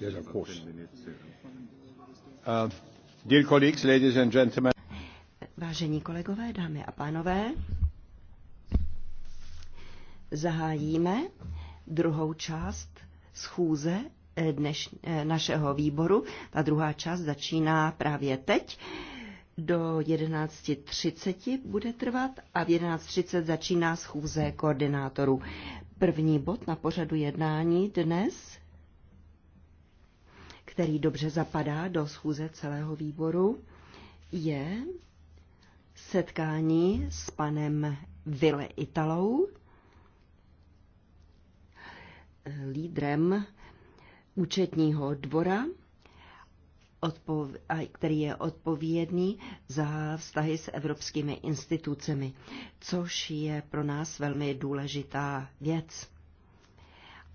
Yes, of course. Uh, dear colleagues, ladies and gentlemen. Vážení kolegové, dámy a pánové, zahájíme druhou část schůze eh, dneš, eh, našeho výboru. Ta druhá část začíná právě teď. Do 11.30 bude trvat a v 11.30 začíná schůze koordinátorů první bod na pořadu jednání dnes, který dobře zapadá do schůze celého výboru, je setkání s panem Vile Italou, lídrem účetního dvora který je odpovědný za vztahy s evropskými institucemi, což je pro nás velmi důležitá věc.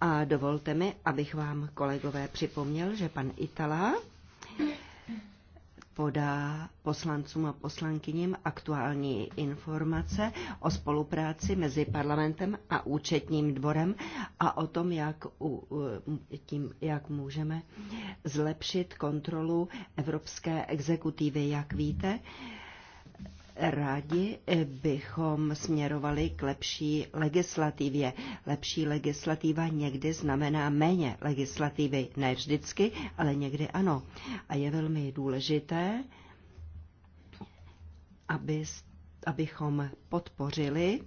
A dovolte mi, abych vám, kolegové, připomněl, že pan Itala podá poslancům a poslankyním aktuální informace o spolupráci mezi parlamentem a účetním dvorem a o tom, jak, u, tím, jak můžeme zlepšit kontrolu evropské exekutivy. Jak víte, Rádi eh, bychom směrovali k lepší legislativě. Lepší legislativa někdy znamená méně legislativy. Ne vždycky, ale někdy ano. A je velmi důležité, aby, abychom podpořili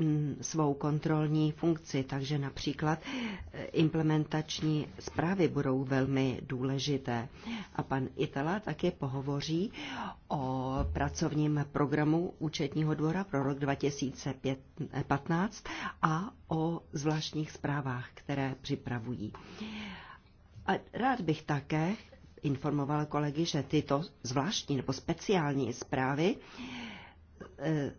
Mm, svou kontrolní funkci, takže například eh, implementační zprávy budou velmi důležité. A pan Itala také pohovoří o pracovním programu účetního dvora pro rok 2015 a o zvláštních zprávách, které připravují. A rád bych také informoval kolegy, že tyto zvláštní nebo speciální zprávy eh,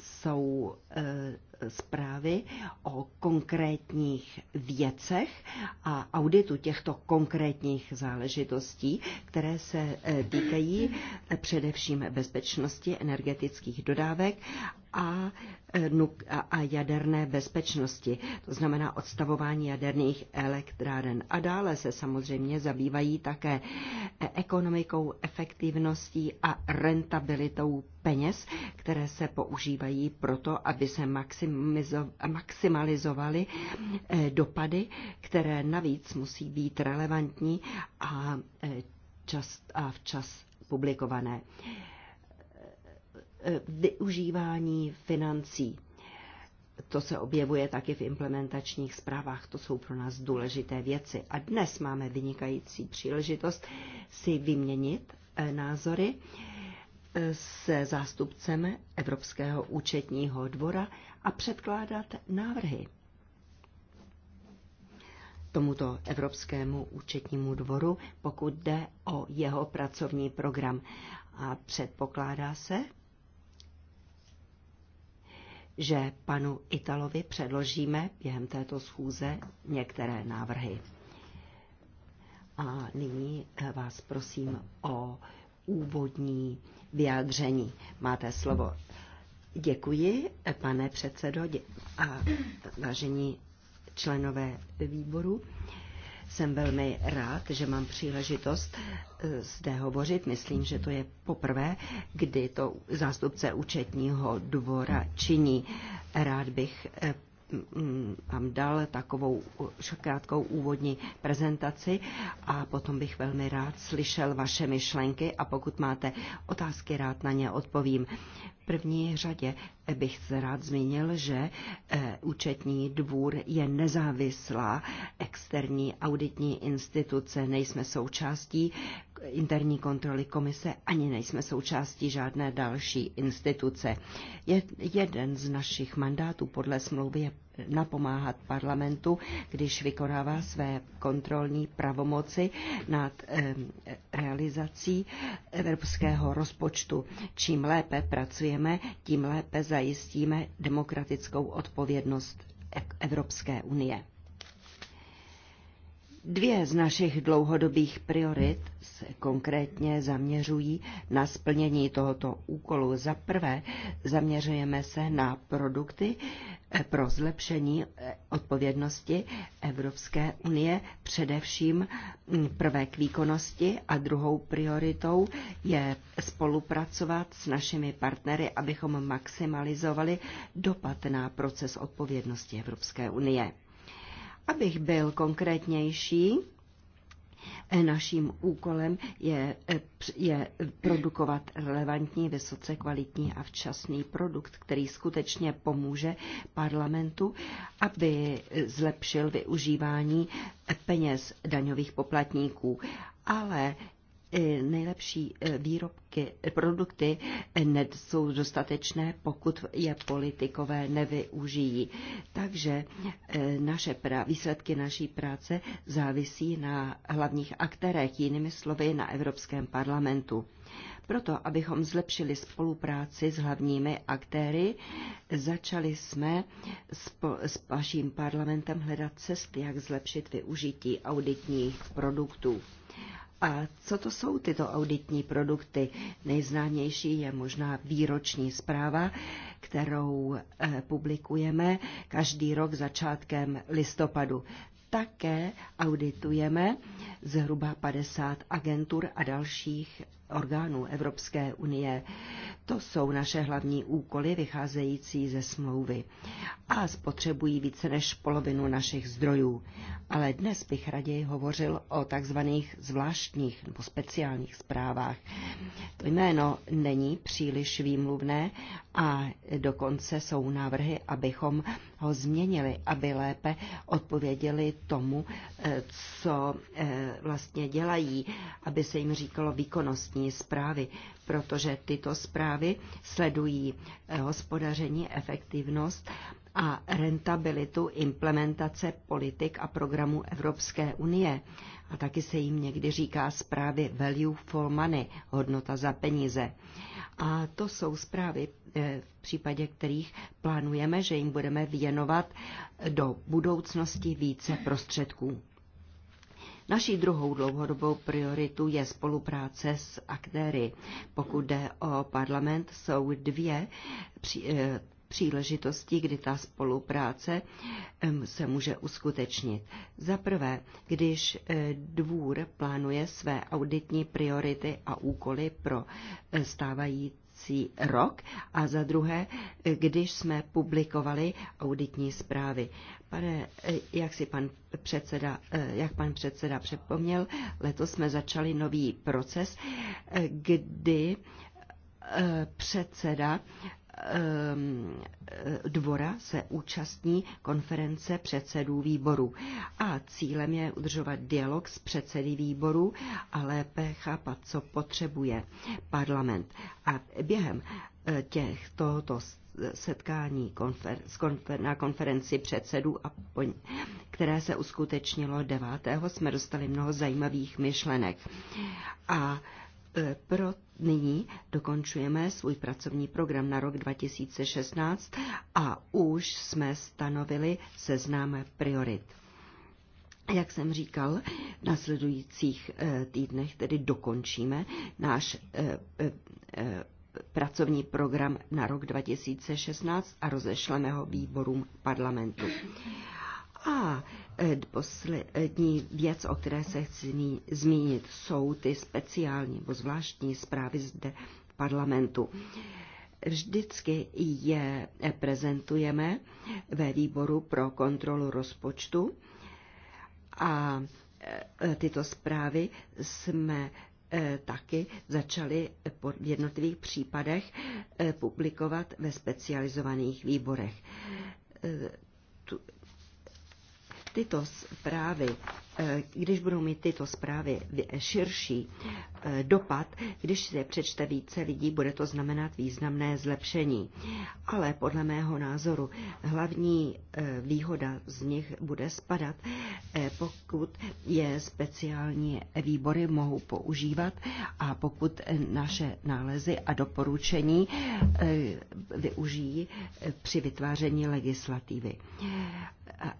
jsou eh, zprávy o konkrétních věcech a auditu těchto konkrétních záležitostí, které se e, týkají e, především bezpečnosti energetických dodávek e, a, a jaderné bezpečnosti, to znamená odstavování jaderných elektráren. A dále se samozřejmě zabývají také ekonomikou, efektivností a rentabilitou peněz, které se používají proto, aby se maximálně maximalizovali eh, dopady, které navíc musí být relevantní a, eh, čas, a včas publikované. Eh, využívání financí. To se objevuje taky v implementačních zprávách, to jsou pro nás důležité věci. A dnes máme vynikající příležitost si vyměnit názory. Eh, se zástupcem Evropského účetního dvora a předkládat návrhy tomuto Evropskému účetnímu dvoru, pokud jde o jeho pracovní program. A předpokládá se, že panu Italovi předložíme během této schůze některé návrhy. A nyní vás prosím o úvodní vyjádření. Máte slovo. Děkuji, pane předsedo a vážení členové výboru. Jsem velmi rád, že mám příležitost eh, zde hovořit. Myslím, že to je poprvé, kdy to zástupce účetního dvora činí. Rád bych eh, vám dal takovou krátkou úvodní prezentaci a potom bych velmi rád slyšel vaše myšlenky a pokud máte otázky, rád na ně odpovím. V první řadě bych se rád zmínil, že eh, účetní dvůr je nezávislá externí auditní instituce, nejsme součástí interní kontroly komise, ani nejsme součástí žádné další instituce. Je, jeden z našich mandátů podle smlouvy je napomáhat parlamentu, když vykonává své kontrolní pravomoci nad realizací evropského rozpočtu. Čím lépe pracujeme, tím lépe zajistíme demokratickou odpovědnost e- Evropské unie. Dvě z našich dlouhodobých priorit se konkrétně zaměřují na splnění tohoto úkolu. Za prvé zaměřujeme se na produkty eh, pro zlepšení eh, odpovědnosti Evropské unie, především mm, prvek výkonnosti a druhou prioritou je spolupracovat s našimi partnery, abychom maximalizovali dopad na proces odpovědnosti Evropské unie. Abych byl konkrétnější, eh, Naším úkolem je, eh, je produkovat relevantní, vysoce kvalitní a včasný produkt, který skutečně pomůže parlamentu, aby eh, zlepšil využívání peněz daňových poplatníků. Ale E, nejlepší e, výrobky, e, produkty jsou dostatečné, pokud je politikové nevyužijí. Takže naše pra, výsledky naší práce závisí na hlavních aktérech, jinými slovy na Evropském parlamentu. Proto, abychom zlepšili spolupráci s hlavními aktéry, začali jsme s vaším parlamentem hledat cesty, jak zlepšit využití auditních produktů. A co to jsou tyto auditní produkty? Nejznámější je možná výroční zpráva, kterou eh, publikujeme každý rok začátkem listopadu. Také auditujeme zhruba 50 agentur a dalších orgánů Evropské unie. To jsou naše hlavní úkoly vycházející ze smlouvy a spotřebují více než polovinu našich zdrojů. Ale dnes bych raději hovořil o takzvaných zvláštních nebo speciálních zprávách. To jméno není příliš výmluvné a dokonce jsou návrhy, abychom ho změnili, aby lépe odpověděli tomu, eh, co eh, vlastně dělají, aby se jim říkalo výkonnostní zprávy, protože tyto zprávy sledují eh, hospodaření, efektivnost a rentabilitu implementace politik a programů Evropské unie. A taky se jim někdy říká zprávy value for money, hodnota za peníze. A to jsou zprávy, eh, v případě kterých plánujeme, že jim budeme věnovat do budoucnosti více prostředků. Naší druhou dlouhodobou prioritu je spolupráce s aktéry. Pokud jde o parlament, jsou dvě eh, příležitostí, kdy ta spolupráce se může uskutečnit. Za prvé, když e, dvůr plánuje své auditní priority a úkoly pro e, stávající rok a za druhé, e, když jsme publikovali auditní zprávy. Pane, jak si pan předseda, jak pan předseda předpomněl, letos jsme začali nový proces, kdy předseda Ehm, eh, dvora se účastní konference předsedů výboru A cílem je udržovat dialog s předsedy výboru, a lépe chápat, co potřebuje parlament. A během eh, těch tohoto setkání konfer, konfer, na konferenci předsedů, a poň, které se uskutečnilo 9. jsme dostali mnoho zajímavých myšlenek. A E, pro nyní dokončujeme svůj pracovní program na rok 2016 a už jsme stanovili seznám priorit. Jak jsem říkal, v nasledujících e, týdnech tedy dokončíme náš e, pracovní program na rok 2016 a rozešleme ho výborům parlamentu. A e, poslední věc, o které se chci zmínit, jsou ty speciální nebo zvláštní zprávy zde v parlamentu. Vždycky je prezentujeme ve výboru pro kontrolu rozpočtu a e, tyto zprávy jsme e, taky začali v jednotlivých případech publikovat ve specializovaných výborech tyto zprávy, eh, když budou mít tyto zprávy širší eh, dopad, když se přečte více lidí, bude to znamenat významné zlepšení. Ale podle mého názoru hlavní eh, výhoda z nich bude spadat, pokud je speciální výbory mohou používat a pokud naše nálezy a doporučení využijí při vytváření legislativy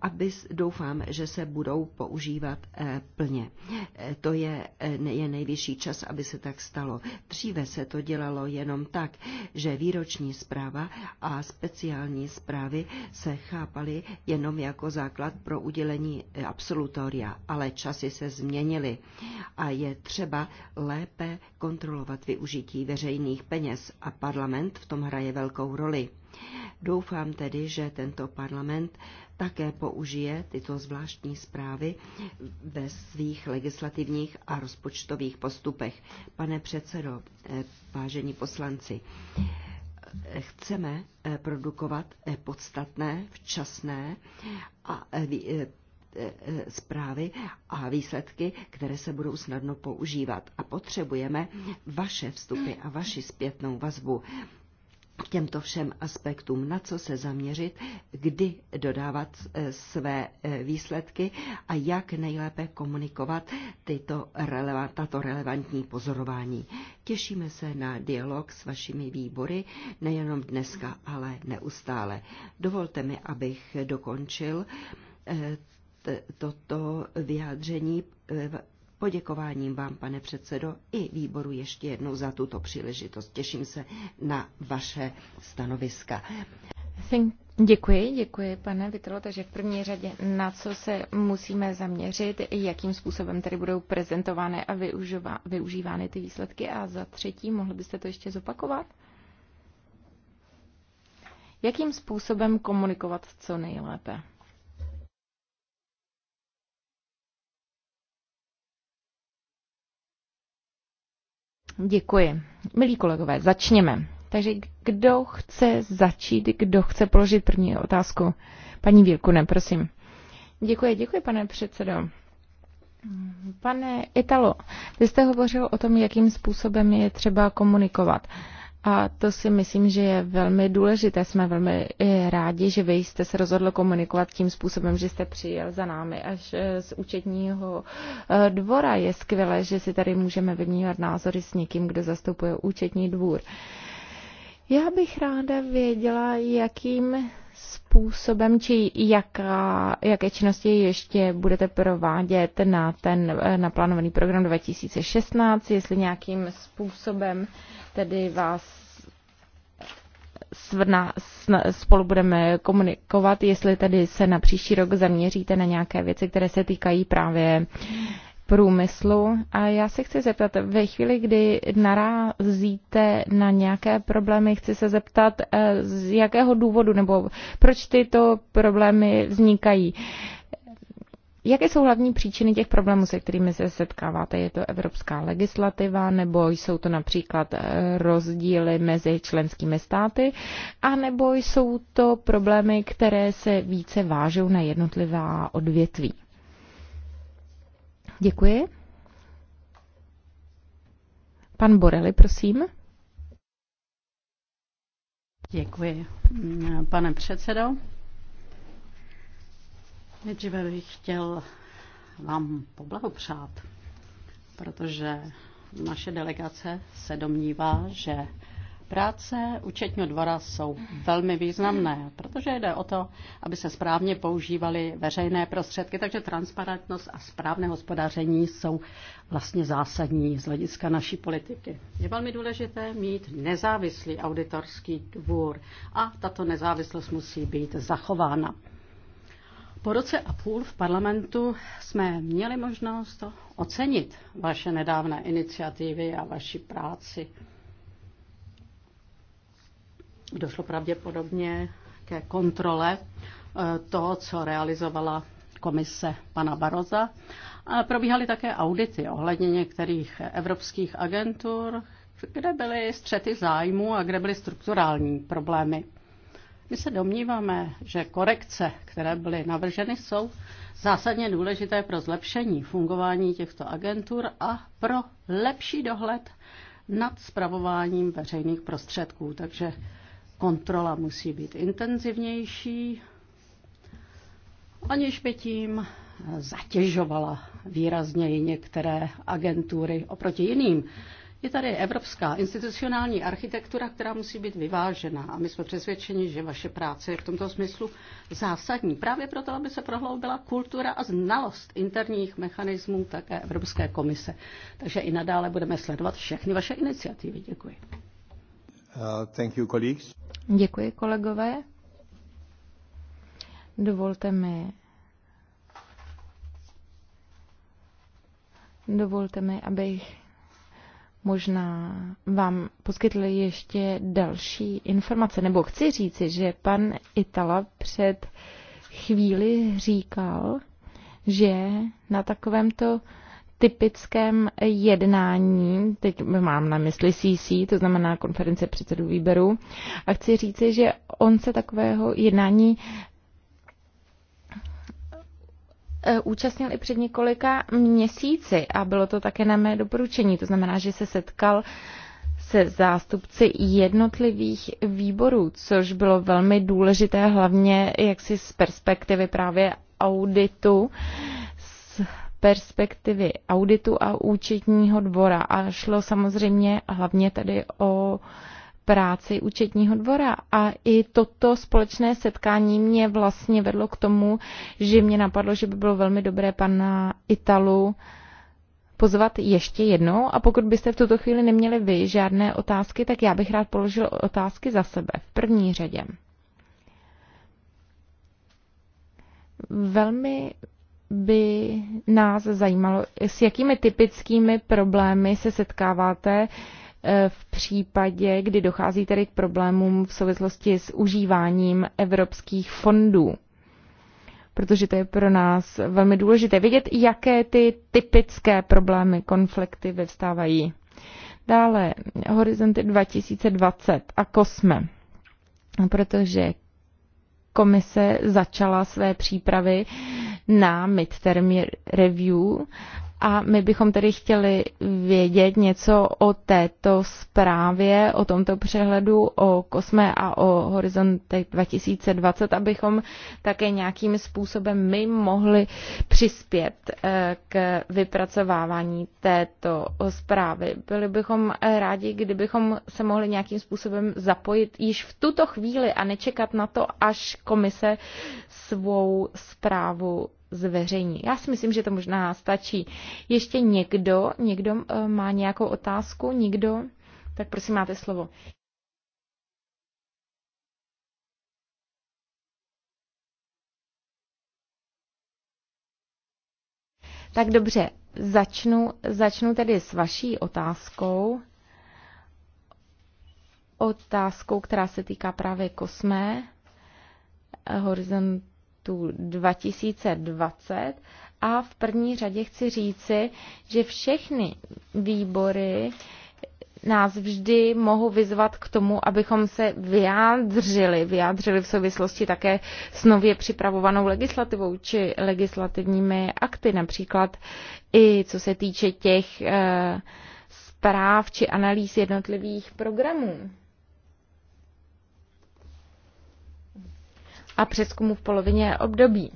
aby doufám, že se budou používat eh, plně. Eh, to je, eh, je nejvyšší čas, aby se tak stalo. Dříve se to dělalo jenom tak, že výroční zpráva a speciální zprávy se chápaly jenom jako základ pro udělení absolutoria, ale časy se změnily a je třeba lépe kontrolovat využití veřejných peněz a parlament v tom hraje velkou roli. Doufám tedy, že tento parlament také použije tyto zvláštní zprávy ve svých legislativních a rozpočtových postupech. Pane předsedo, eh, vážení poslanci, eh, chceme eh, produkovat podstatné, včasné a zprávy a výsledky, které se budou snadno používat. A potřebujeme vaše vstupy a vaši zpětnou vazbu k těmto všem aspektům, na co se zaměřit, kdy dodávat e, své e, výsledky a jak nejlépe komunikovat tyto relevant, tato relevantní pozorování. Těšíme se na dialog s vašimi výbory nejenom dneska, ale neustále. Dovolte mi, abych dokončil e, toto vyjádření poděkováním vám, pane předsedo, i výboru ještě jednou za tuto příležitost. Těším se na vaše stanoviska. Thank Děkuji, děkuji, pane Vitro. Takže v první řadě, na co se musíme zaměřit, jakým způsobem tady budou prezentovány a využivá, využívány ty výsledky. A za třetí, mohli byste to ještě zopakovat? Jakým způsobem komunikovat co nejlépe? Děkuji. Milí kolegové, začněme. Takže kdo chce začít, kdo chce položit první otázku? Paní Vilkune, prosím. Děkuji, děkuji, pane předsedo. Pane Italo, vy jste hovořil o tom, jakým způsobem je třeba komunikovat. A to si myslím, že je velmi důležité. Jsme velmi eh, rádi, že vy jste se rozhodl komunikovat tím způsobem, že jste přijel za námi až eh, z účetního eh, dvora. Je skvělé, že si tady můžeme vyměňovat názory s někým, kdo zastupuje účetní dvůr. Já bych ráda věděla, jakým způsobem, či jaká, jaké činnosti ještě budete provádět na ten naplánovaný program 2016, jestli nějakým způsobem tedy vás svrna, spolu budeme komunikovat, jestli tedy se na příští rok zaměříte na nějaké věci, které se týkají právě průmyslu. A já se chci zeptat, ve chvíli, kdy narazíte na nějaké problémy, chci se zeptat, eh, z jakého důvodu nebo proč tyto problémy vznikají. Jaké jsou hlavní příčiny těch problémů, se kterými se setkáváte? Je to evropská legislativa, nebo jsou to například eh, rozdíly mezi členskými státy, a nebo jsou to problémy, které se více vážou na jednotlivá odvětví? Děkuji. Pan Borelli, prosím. Děkuji, pane předsedo. Nejdříve bych chtěl vám poblahopřát, protože naše delegace se domnívá, že práce účetního dvora jsou velmi významné, protože jde o to, aby se správně používaly veřejné prostředky, takže transparentnost a správné hospodaření jsou vlastně zásadní z hlediska naší politiky. Je velmi důležité mít nezávislý auditorský dvůr a tato nezávislost musí být zachována. Po roce a půl v parlamentu jsme měli možnost ocenit vaše nedávné iniciativy a vaši práci. Došlo pravděpodobně ke kontrole eh, toho, co realizovala komise pana Baroza. A probíhaly také audity ohledně některých evropských agentur, kde byly střety zájmu a kde byly strukturální problémy. My se domníváme, že korekce, které byly navrženy, jsou zásadně důležité pro zlepšení fungování těchto agentur a pro lepší dohled nad spravováním veřejných prostředků. Takže kontrola musí být intenzivnější, aniž by tím zatěžovala výrazněji některé agentury oproti jiným. Je tady evropská institucionální architektura, která musí být vyvážená a my jsme přesvědčeni, že vaše práce je v tomto smyslu zásadní. Právě proto, aby se prohloubila kultura a znalost interních mechanismů také Evropské komise. Takže i nadále budeme sledovat všechny vaše iniciativy. Děkuji. Uh, thank you, colleagues. Děkuji, kolegové. Dovolte mi Dovolte mi, abych možná vám poskytli ještě další informace. Nebo chci říci, že pan Itala před chvíli říkal, že na takovémto typickém jednání, teď mám na mysli CC, to znamená konference předsedů výberu, a chci říci, že on se takového jednání Eh, účastnil i před několika měsíci a bylo to také na mé doporučení. To znamená, že se setkal se zástupci jednotlivých výborů, což bylo velmi důležité, hlavně jaksi z perspektivy právě auditu, z perspektivy auditu a účetního dvora. A šlo samozřejmě hlavně tady o uh, práci účetního dvora. A i toto společné setkání mě vlastně vedlo k tomu, že mě napadlo, že by bylo velmi dobré pana Italu pozvat ještě jednou a pokud byste v tuto chvíli neměli vy žádné otázky, tak já bych rád položil otázky za sebe v první řadě. Velmi by nás zajímalo, s jakými typickými problémy se setkáváte, Eh, v případě, kdy dochází tedy k problémům v souvislosti s užíváním evropských fondů. Protože to je pro nás velmi důležité vědět, jaké ty typické problémy, konflikty vyvstávají. Dále Horizonty 2020 a Kosme, protože komise začala své přípravy na midterm review a my bychom tedy chtěli vědět něco o této zprávě, o tomto přehledu, o Kosme a o Horizon 2020, abychom také nějakým způsobem my mohli přispět eh, k vypracovávání této zprávy. Byli bychom eh, rádi, kdybychom se mohli nějakým způsobem zapojit již v tuto chvíli a nečekat na to, až komise svou zprávu zveřejní. Já si myslím, že to možná stačí. Ještě někdo, někdo eh, má nějakou otázku, někdo, tak prosím, máte slovo. Tak dobře, začnu, začnu tedy s vaší otázkou. Otázkou, která se týká právě kosmé, eh, horizont projektů 2020 a v první řadě chci říci, že všechny výbory nás vždy mohou vyzvat k tomu, abychom se vyjádřili, vyjádřili v souvislosti také s nově připravovanou legislativou či legislativními akty, například i co se týče těch eh, zpráv či analýz jednotlivých programů. a přeskumu v polovině období.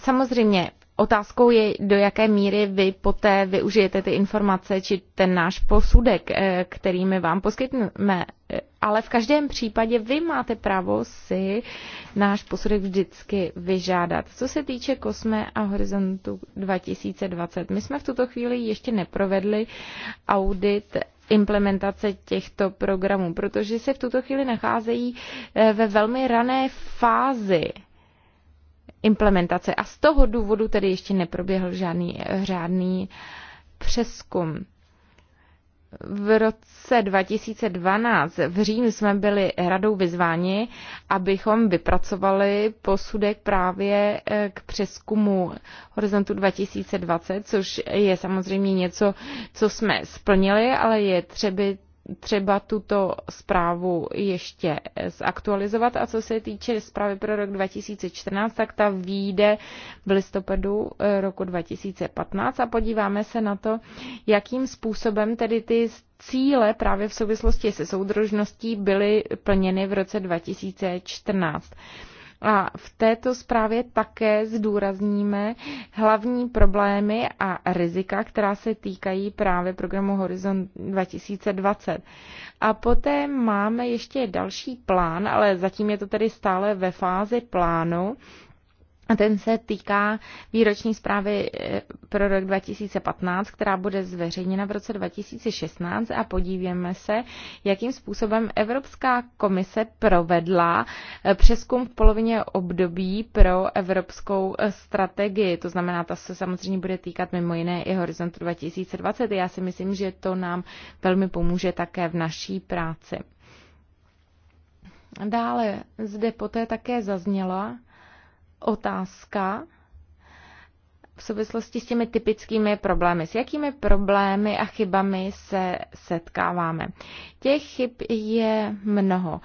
Samozřejmě Otázkou je, do jaké míry vy poté využijete ty informace či ten náš posudek, eh, který my vám poskytneme. Ale v každém případě vy máte právo si náš posudek vždycky vyžádat. Co se týče Kosme a Horizontu 2020, my jsme v tuto chvíli ještě neprovedli audit implementace těchto programů, protože se v tuto chvíli nacházejí eh, ve velmi rané fázi implementace a z toho důvodu tedy ještě neproběhl žádný eh, řádný přeskum. V roce 2012 v říjnu jsme byli radou vyzváni, abychom vypracovali posudek právě eh, k přeskumu Horizontu 2020, což je samozřejmě něco, co jsme splnili, ale je třeba třeba tuto zprávu ještě zaktualizovat. A co se týče zprávy pro rok 2014, tak ta výjde v listopadu eh, roku 2015 a podíváme se na to, jakým způsobem tedy ty cíle právě v souvislosti se soudržností byly plněny v roce 2014. A v této zprávě také zdůrazníme hlavní problémy a rizika, která se týkají právě programu Horizon 2020. A poté máme ještě další plán, ale zatím je to tedy stále ve fázi plánu a Ten se týká výroční zprávy eh, pro rok 2015, která bude zveřejněna v roce 2016 a podívíme se, jakým způsobem Evropská komise provedla eh, přeskum v polovině období pro evropskou eh, strategii. To znamená, ta se samozřejmě bude týkat mimo jiné i horizontu 2020. Já si myslím, že to nám velmi pomůže také v naší práci. Dále zde poté také zazněla otázka v souvislosti s těmi typickými problémy. S jakými problémy a chybami se setkáváme? Těch chyb je mnoho.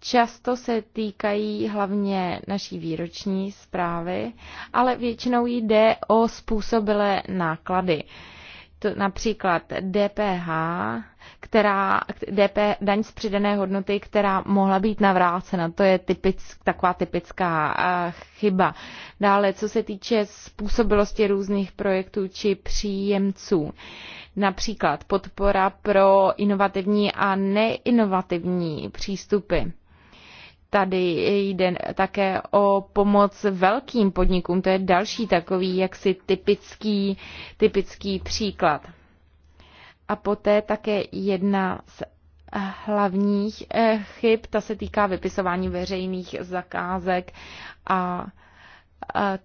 Často se týkají hlavně naší výroční zprávy, ale většinou jde o způsobilé náklady například DPH, která, DP, daň z přidané hodnoty, která mohla být navrácena. To je typick, taková typická eh, chyba. Dále, co se týče způsobilosti různých projektů či příjemců, například podpora pro inovativní a neinovativní přístupy Tady jde také o pomoc velkým podnikům. To je další takový jaksi typický, typický příklad. A poté také jedna z hlavních eh, chyb, ta se týká vypisování veřejných zakázek a, a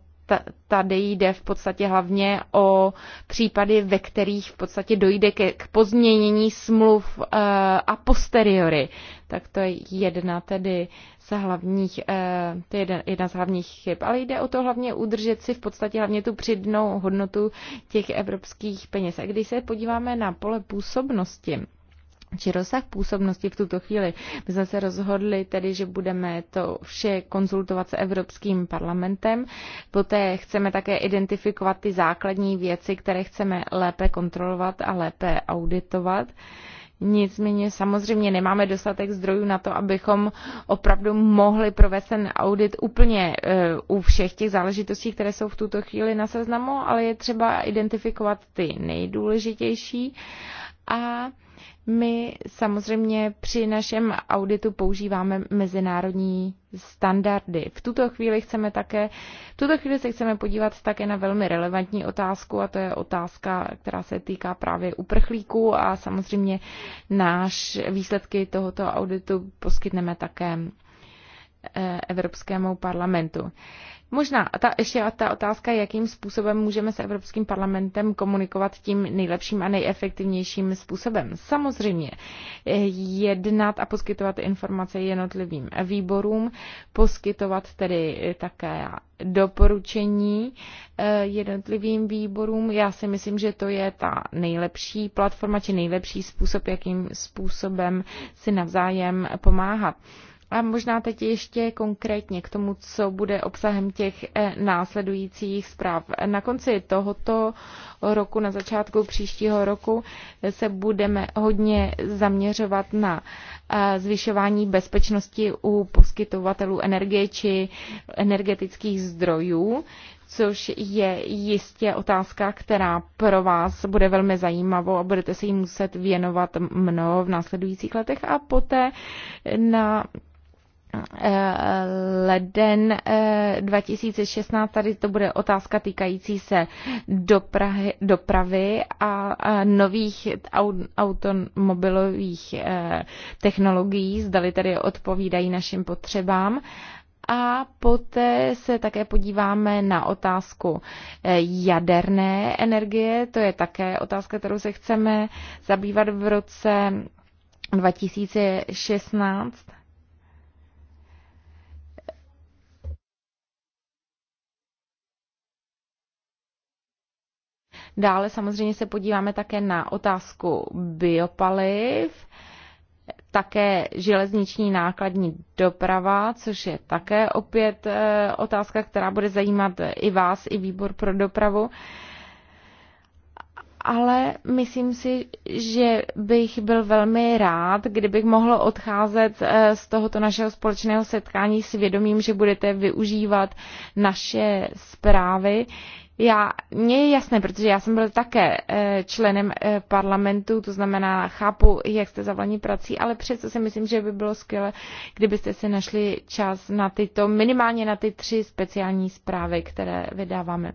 tady jde v podstatě hlavně o případy, ve kterých v podstatě dojde k pozměnění smluv eh, a posteriori. Tak to je jedna tedy z hlavních, eh, to je jedna, jedna z hlavních chyb. Ale jde o to hlavně udržet si v podstatě hlavně tu přidnou hodnotu těch evropských peněz. A když se podíváme na pole působnosti, či rozsah působnosti v tuto chvíli. My jsme se rozhodli tedy, že budeme to vše konzultovat s Evropským parlamentem. Poté chceme také identifikovat ty základní věci, které chceme lépe kontrolovat a lépe auditovat. Nicméně samozřejmě nemáme dostatek zdrojů na to, abychom opravdu mohli provést ten audit úplně eh, u všech těch záležitostí, které jsou v tuto chvíli na seznamu, ale je třeba identifikovat ty nejdůležitější a my samozřejmě při našem auditu používáme mezinárodní standardy. V tuto chvíli chceme také, v tuto chvíli se chceme podívat také na velmi relevantní otázku a to je otázka, která se týká právě uprchlíků a samozřejmě náš výsledky tohoto auditu poskytneme také eh, Evropskému parlamentu. Možná ta, ještě ta otázka, jakým způsobem můžeme s Evropským parlamentem komunikovat tím nejlepším a nejefektivnějším způsobem. Samozřejmě eh, jednat a poskytovat informace jednotlivým výborům, poskytovat tedy eh, také doporučení eh, jednotlivým výborům. Já si myslím, že to je ta nejlepší platforma či nejlepší způsob, jakým způsobem si navzájem pomáhat. A možná teď ještě konkrétně k tomu, co bude obsahem těch eh, následujících zpráv. Na konci tohoto roku, na začátku příštího roku, se budeme hodně zaměřovat na eh, zvyšování bezpečnosti u poskytovatelů energie či energetických zdrojů což je jistě otázka, která pro vás bude velmi zajímavou a budete se jí muset věnovat mnoho v následujících letech a poté na Eh, leden 2016. Eh, tady to bude otázka týkající se dopravy, dopravy a nových automobilových eh, technologií, zdali tady odpovídají našim potřebám a poté se také podíváme na otázku jaderné energie. To je také otázka, kterou se chceme zabývat v roce 2016. Dále samozřejmě se podíváme také na otázku biopaliv, také železniční nákladní doprava, což je také opět eh, otázka, která bude zajímat i vás, i výbor pro dopravu ale myslím si, že bych byl velmi rád, kdybych mohl odcházet eh, z tohoto našeho společného setkání s vědomím, že budete využívat naše zprávy já, mně je jasné, protože já jsem byl také eh, členem eh, parlamentu, to znamená, chápu, jak jste zavalení prací, ale přesto si myslím, že by bylo skvělé, kdybyste si našli čas na tyto, minimálně na ty tři speciální zprávy, které vydáváme.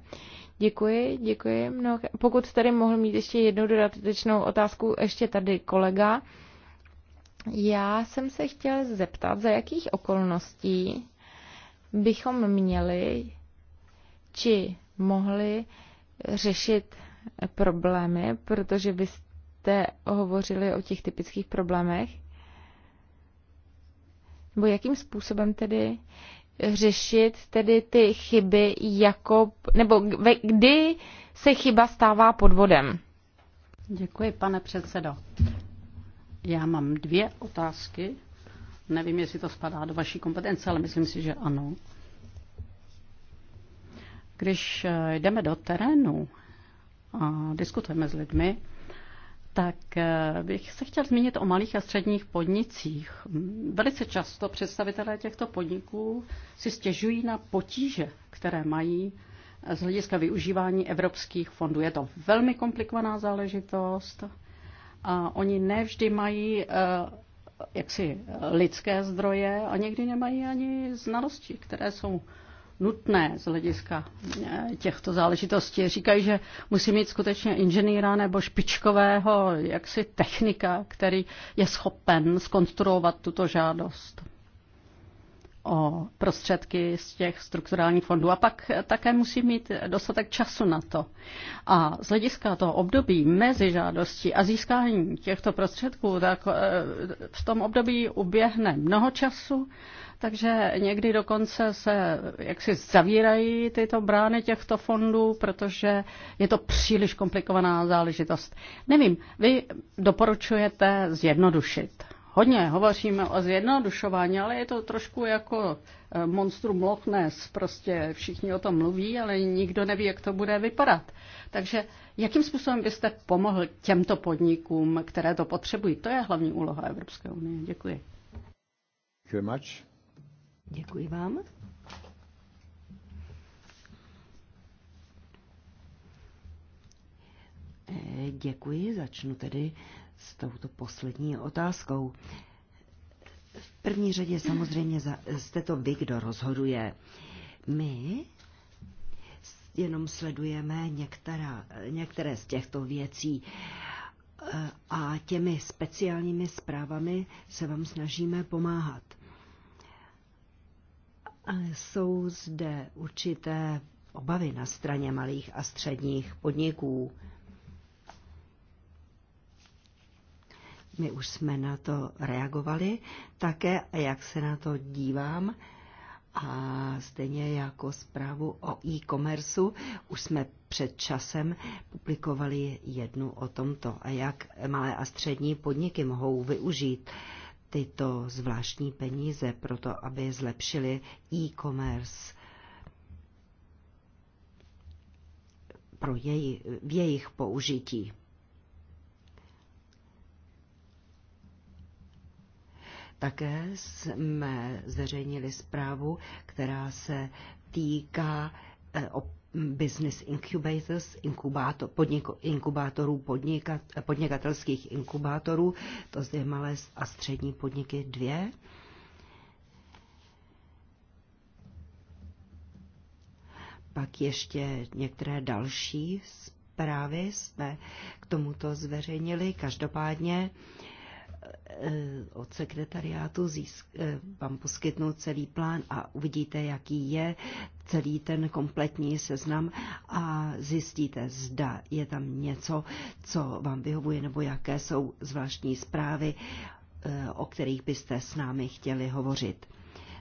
Děkuji, děkuji. Mnoho. Pokud tady mohl mít ještě jednu dodatečnou otázku, ještě tady kolega. Já jsem se chtěl zeptat, za jakých okolností bychom měli či mohli řešit problémy, protože vy jste hovořili o těch typických problémech. Nebo jakým způsobem tedy řešit tedy ty chyby jako, nebo kdy se chyba stává podvodem? Děkuji, pane předsedo. Já mám dvě otázky. Nevím, jestli to spadá do vaší kompetence, ale myslím si, že ano. Když eh, jdeme do terénu a diskutujeme s lidmi, tak eh, bych se chtěl zmínit o malých a středních podnicích. Velice často představitelé těchto podniků si stěžují na potíže, které mají z hlediska využívání evropských fondů. Je to velmi komplikovaná záležitost a oni nevždy mají eh, jaksi lidské zdroje a někdy nemají ani znalosti, které jsou nutné z hlediska eh, těchto záležitostí. Říkají, že musí mít skutečně inženýra nebo špičkového jaksi technika, který je schopen skonstruovat tuto žádost o prostředky z těch strukturálních fondů. A pak také musí mít dostatek času na to. A z hlediska toho období mezi žádostí a získání těchto prostředků, tak eh, v tom období uběhne mnoho času takže někdy dokonce se jaksi zavírají tyto brány těchto fondů, protože je to příliš komplikovaná záležitost. Nevím, vy doporučujete zjednodušit. Hodně hovoříme o zjednodušování, ale je to trošku jako eh, monstrum Loch Ness. Prostě všichni o tom mluví, ale nikdo neví, jak to bude vypadat. Takže jakým způsobem byste pomohl těmto podnikům, které to potřebují? To je hlavní úloha Evropské unie. Děkuji. Děkuji much. Děkuji vám. Eh, děkuji, začnu tedy s touto poslední otázkou. V první řadě samozřejmě jste to vy, kdo rozhoduje. My jenom sledujeme některá, některé z těchto věcí eh, a těmi speciálními zprávami se vám snažíme pomáhat. Jsou zde určité obavy na straně malých a středních podniků. My už jsme na to reagovali také a jak se na to dívám, a stejně jako zprávu o e-commerceu už jsme před časem publikovali jednu o tomto a jak malé a střední podniky mohou využít uh, tyto zvláštní peníze pro to, aby zlepšili e-commerce pro jej, v jejich použití. Také jsme zveřejnili zprávu, která se týká eh, business incubators, inkubátor, podnik, inkubátorů, podnikat, podnikatelských inkubátorů, to zde malé a střední podniky dvě. Pak ještě některé další zprávy jsme k tomuto zveřejnili. Každopádně eh, Eh, od sekretariátu získ, eh, vám poskytnou celý plán a uvidíte, jaký je celý ten kompletní seznam a zjistíte, zda je tam něco, co vám vyhovuje, nebo jaké jsou zvláštní zprávy, eh, o kterých byste s námi chtěli hovořit.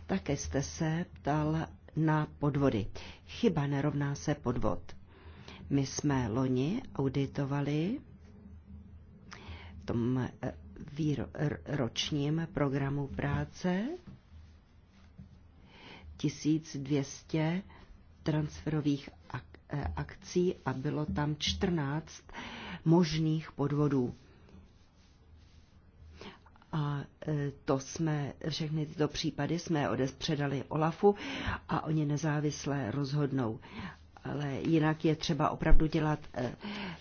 Také jste se ptal na podvody. Chyba nerovná se podvod. My jsme loni auditovali v tom ročním programu práce 1200 transferových e, akcí a bylo tam 14 možných podvodů. A e, to jsme, všechny tyto případy jsme odespředali Olafu a oni nezávisle rozhodnou ale jinak je třeba opravdu dělat eh,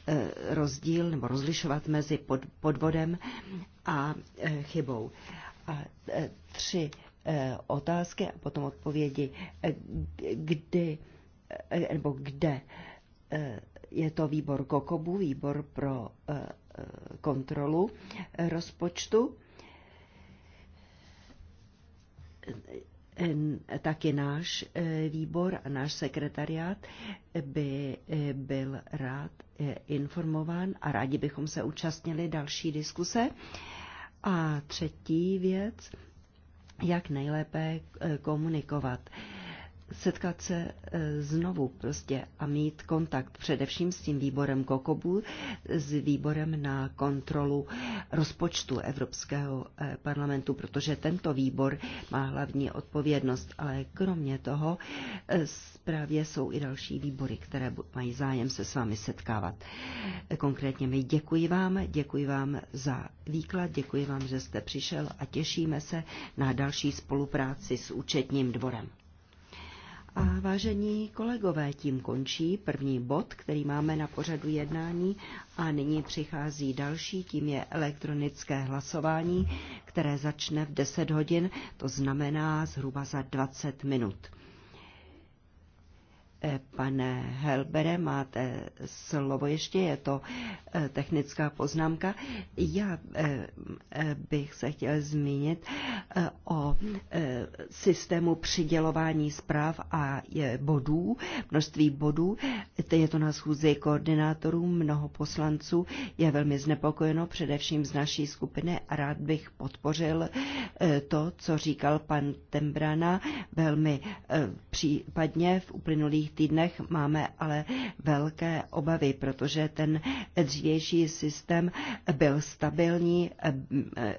eh, rozdíl nebo rozlišovat mezi podvodem a eh, chybou. A tři otázky a potom odpovědi, kdy nebo kde je to výbor Kokobu, výbor pro kontrolu rozpočtu taky náš e, výbor a náš sekretariát by e, byl rád e, informován a rádi bychom se účastnili další diskuse. A třetí věc, jak nejlépe komunikovat setkat se e, znovu prostě a mít kontakt především s tím výborem Kokobu, s výborem na kontrolu rozpočtu Evropského e, parlamentu, protože tento výbor má hlavní odpovědnost, ale kromě toho e, právě jsou i další výbory, které mají zájem se s vámi setkávat. Konkrétně my děkuji vám, děkuji vám za výklad, děkuji vám, že jste přišel a těšíme se na další spolupráci s účetním dvorem. A vážení kolegové, tím končí první bod, který máme na pořadu jednání a nyní přichází další, tím je elektronické hlasování, které začne v 10 hodin, to znamená zhruba za 20 minut. Eh, pane Helbere, máte slovo ještě, je to eh, technická poznámka. Já eh, bych se chtěl zmínit o systému přidělování zpráv a bodů, množství bodů. Je to na schůzi koordinátorů, mnoho poslanců je velmi znepokojeno, především z naší skupiny a rád bych podpořil to, co říkal pan Tembrana velmi případně v uplynulých týdnech máme ale velké obavy, protože ten dřívější systém byl stabilní, eh,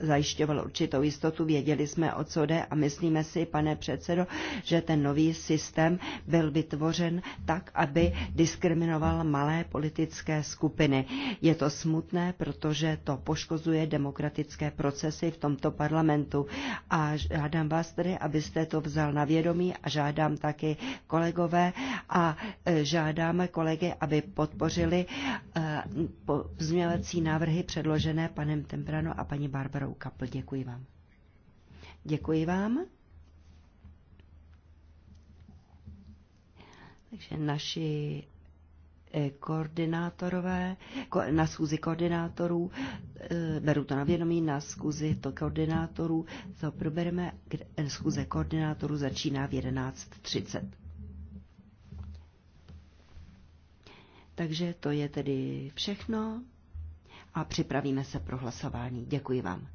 zajišťoval určitou jistotu, věděli jsme, o co jde a myslíme si, pane předsedo, že ten nový systém byl vytvořen tak, aby diskriminoval malé politické skupiny. Je to smutné, protože to poškozuje demokratické procesy v tomto parlamentu. A žádám vás tedy, abyste to vzal na vědomí a žádám taky kolegy, kolegové, a e, žádáme kolegy, aby podpořili e, pozměňovací návrhy předložené panem Temprano a paní Barbarou Kapl. Děkuji vám. Děkuji vám. Takže naši e, koordinátorové, na schůzi koordinátorů, beru to na vědomí, na schůzi to koordinátorů, to probereme, schůze koordinátorů začíná v 11.30. Takže to je tedy všechno a připravíme se pro hlasování. Děkuji vám.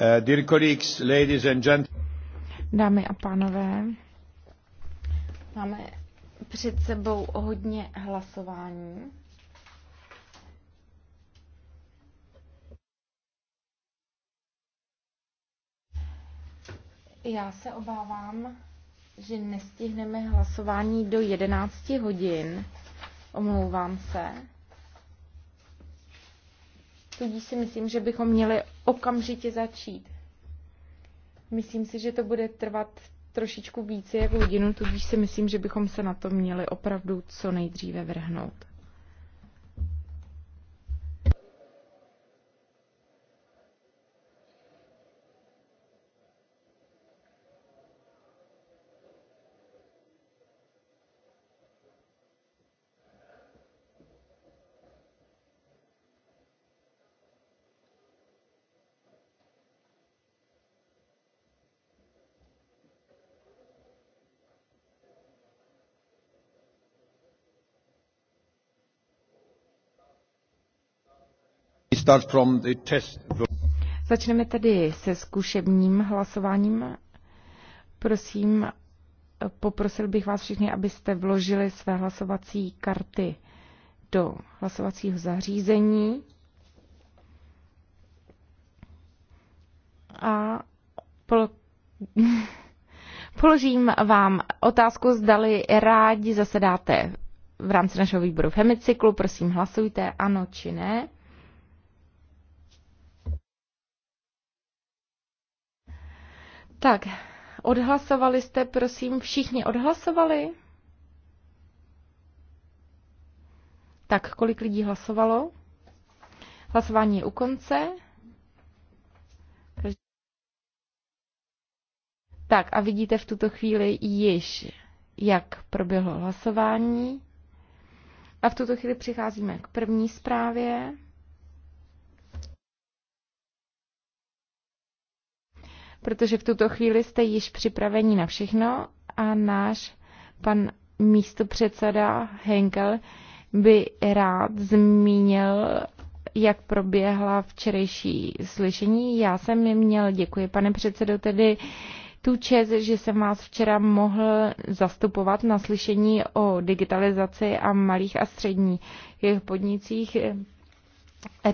Uh, Dámy a pánové, máme před sebou hodně hlasování. Já se obávám, že nestihneme hlasování do 11 hodin. Omlouvám se. Tudíž si myslím, že bychom měli okamžitě začít. Myslím si, že to bude trvat trošičku více jak hodinu, tudíž si myslím, že bychom se na to měli opravdu co nejdříve vrhnout. start from the test. Začneme tedy se zkušebním hlasováním. Prosím, poprosil bych vás všichni, abyste vložili své hlasovací karty do hlasovacího zařízení. A pol... položím vám otázku, zdali rádi zasedáte v rámci našeho výboru v hemicyklu. Prosím, hlasujte ano či ne. Tak, odhlasovali jste, prosím, všichni odhlasovali? Tak, kolik lidí hlasovalo? Hlasování je u konce. Tak a vidíte v tuto chvíli již, jak proběhlo hlasování. A v tuto chvíli přicházíme k první zprávě. protože v tuto chvíli jste již připraveni na všechno a náš pan místopředseda Henkel by rád zmínil, jak proběhla včerejší slyšení. Já jsem měl, děkuji pane předsedo, tedy tu čest, že jsem vás včera mohl zastupovat na slyšení o digitalizaci a malých a středních podnicích.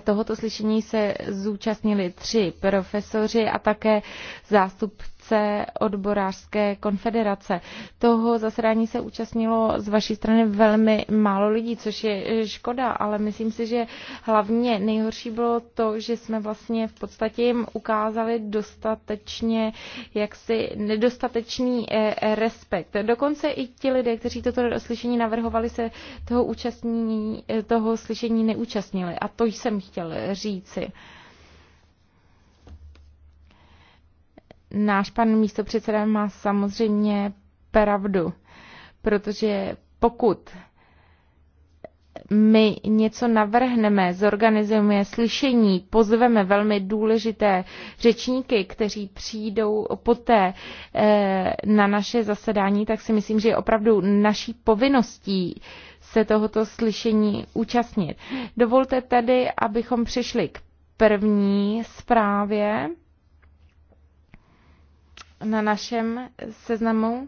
Tohoto slyšení se zúčastnili tři profesoři a také zástupci zástupce odborářské konfederace. Toho zasedání se účastnilo z vaší strany velmi málo lidí, což je eh, škoda, ale myslím si, že hlavně nejhorší bylo to, že jsme vlastně v podstatě jim ukázali dostatečně jaksi nedostatečný eh, respekt. Dokonce i ti lidé, kteří toto slyšení navrhovali, se toho, účastní, eh, toho slyšení neúčastnili. A to jsem chtěl říci. náš pan místopředseda má samozřejmě pravdu, protože pokud my něco navrhneme, zorganizujeme slyšení, pozveme velmi důležité řečníky, kteří přijdou poté eh, na naše zasedání, tak si myslím, že je opravdu naší povinností se tohoto slyšení účastnit. Dovolte tedy, abychom přišli k první zprávě na našem seznamu.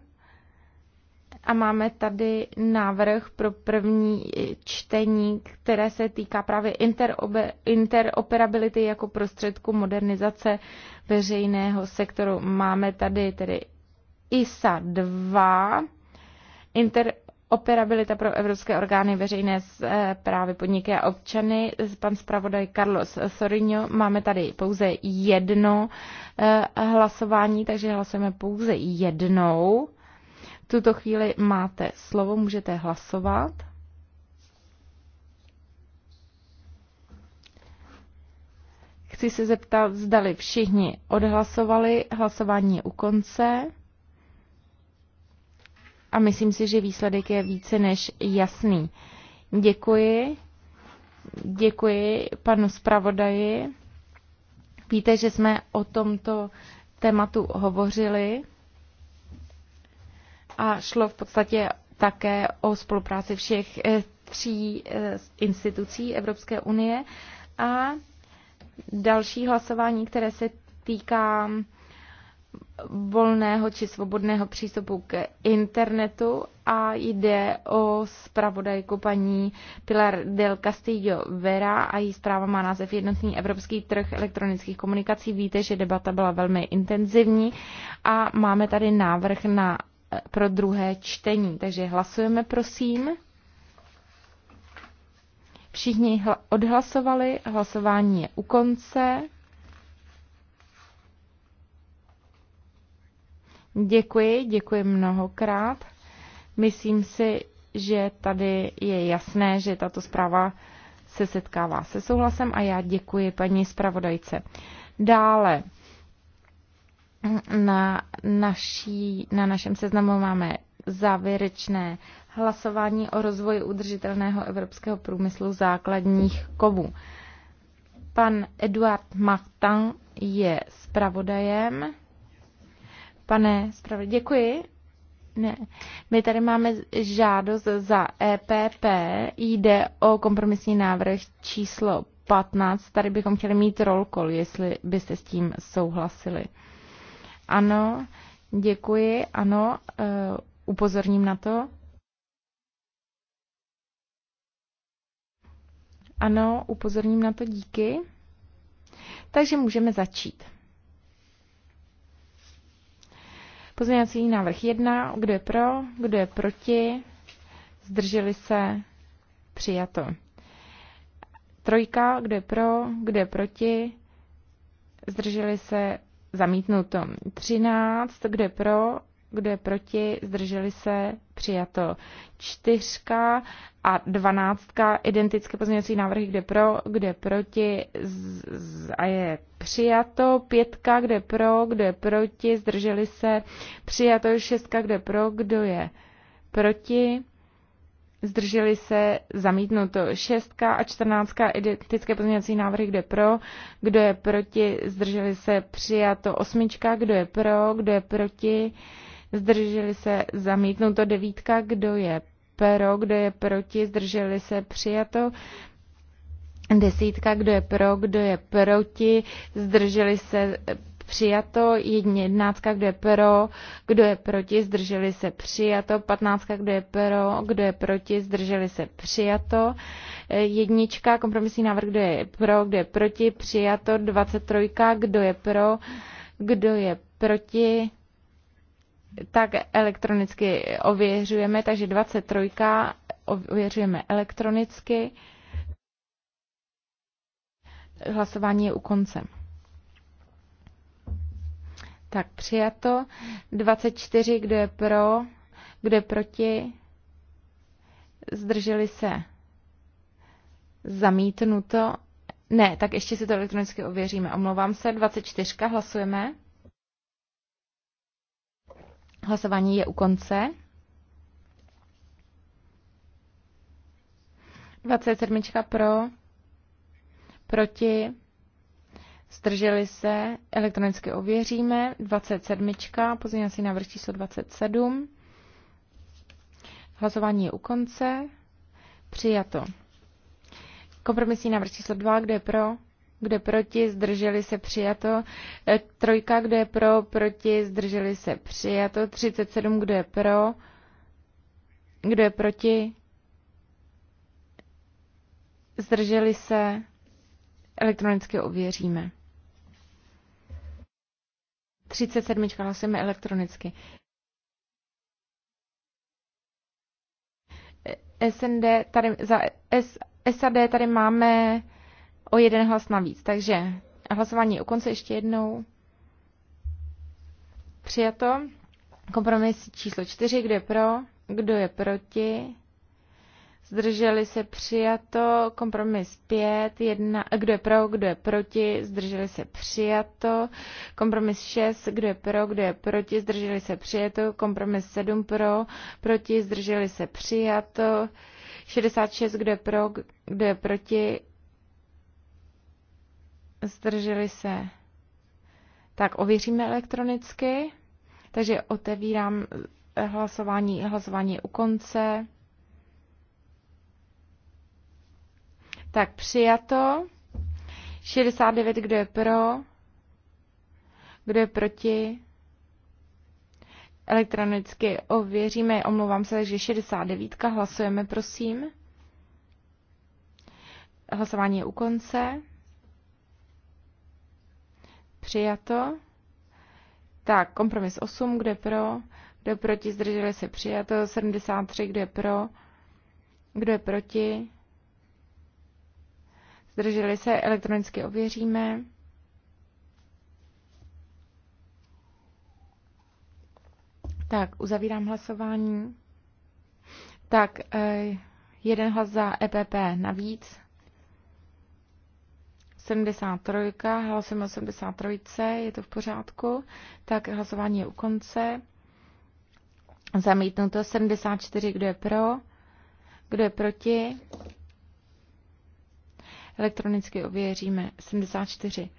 A máme tady návrh pro první čtení, které se týká právě interoperability jako prostředku modernizace veřejného sektoru. Máme tady tedy ISA 2, inter, operabilita pro evropské orgány veřejné zprávy eh, podniky a občany. Pan zpravodaj Carlos Sorino. máme tady pouze jedno eh, hlasování, takže hlasujeme pouze jednou. V tuto chvíli máte slovo, můžete hlasovat. Chci se zeptat, zdali všichni odhlasovali, hlasování je u konce a myslím si, že výsledek je více než jasný. Děkuji. Děkuji panu zpravodaji. Víte, že jsme o tomto tématu hovořili a šlo v podstatě také o spolupráci všech eh, tří eh, institucí Evropské unie a další hlasování, které se týká volného či svobodného přístupu k internetu a jde o zpravodajku paní Pilar del Castillo Vera a její zpráva má název Jednotný evropský trh elektronických komunikací. Víte, že debata byla velmi intenzivní a máme tady návrh na, eh, pro druhé čtení, takže hlasujeme prosím. Všichni odhlasovali, hlasování je u konce. Děkuji, děkuji mnohokrát. Myslím si, že tady je jasné, že tato zpráva se setkává se souhlasem a já děkuji paní zpravodajce. Dále na, naší, na našem seznamu máme závěrečné hlasování o rozvoji udržitelného evropského průmyslu základních kovů. Pan Eduard Martin je zpravodajem Pane zpravodaj, děkuji. Ne. My tady máme žádost za EPP. Jde o kompromisní návrh číslo 15. Tady bychom chtěli mít roll call, jestli byste s tím souhlasili. Ano, děkuji. Ano, uh, upozorním na to. Ano, upozorním na to díky. Takže můžeme začít. Pozměňovací návrh 1. Kdo je pro? Kdo je proti? Zdrželi se? Přijato. Trojka. Kdo je pro? Kdo je proti? Zdrželi se? Zamítnuto. 13. Kdo je pro? kdo je proti, zdrželi se, přijato. Čtyřka a dvanáctka, identické pozměňovací návrhy, kde pro, kde proti z, z, a je přijato. Pětka, kde pro, kde proti, zdrželi se, přijato. Šestka, kde pro, kdo je proti, zdrželi se, zamítnuto. Šestka a čtrnáctka, identické pozměňovací návrhy, kde pro, kdo je proti, zdrželi se, přijato. Osmička, kdo je pro, kdo je proti, zdrželi se zamítnuto, devítka, kdo je pro, kdo je proti, zdrželi se přijato, desítka, kdo je pro, kdo je proti, zdrželi se přijato, jednáctka, kdo je pro, kdo je proti, zdrželi se přijato, patnáctka, kdo je pro, kdo je proti, zdrželi se přijato, jednička, kompromisní návrh, kdo je pro, kdo je proti, přijato, dvacet trojka kdo je pro, kdo je proti, tak elektronicky ověřujeme, takže 23 ověřujeme elektronicky. Hlasování je u konce. Tak přijato. 24, kdo je pro, kdo je proti, zdrželi se zamítnuto. Ne, tak ještě si to elektronicky ověříme. Omlouvám se, 24, hlasujeme. Hlasování je u konce. 27 pro, proti, zdrželi se, elektronicky ověříme, 27, pozměňovací návrh číslo 27. Hlasování je u konce, přijato. Kompromisní návrh číslo 2, kdo je pro, je proti, zdrželi se přijato, e, trojka, kdo je pro, proti, zdrželi se přijato, 37, kdo je pro, kdo je proti, zdrželi se, elektronicky ověříme. 37. hlasujeme elektronicky. E, SND tady, za S, SAD tady máme o jeden hlas navíc. Takže hlasování o konce ještě jednou. Přijato. Kompromis číslo čtyři. Kdo je pro? Kdo je proti? Zdrželi se přijato. Kompromis pět, Jedna, kdo je pro? Kdo je proti? Zdrželi se přijato. Kompromis šest. Kdo je pro? Kdo je proti? Zdrželi se přijato. Kompromis sedm, Pro? Proti? Zdrželi se přijato. 66. Kdo je pro? Kdo je proti? zdrželi se. Tak ověříme elektronicky, takže otevírám eh, hlasování, hlasování u konce. Tak přijato. 69, kdo je pro, kdo je proti. Elektronicky ověříme, omlouvám se, že 69, hlasujeme prosím. Hlasování je u konce. Přijato. Tak, kompromis 8, kde pro, kdo proti, zdrželi se přijato, 73, kde pro, kdo je proti, zdrželi se, elektronicky ověříme. Tak, uzavírám hlasování. Tak, eh, jeden hlas za EPP navíc. 73, hlasujeme 83, je to v pořádku, tak hlasování je u konce. Zamítnuto 74, kdo je pro, kdo je proti. Elektronicky ověříme 74.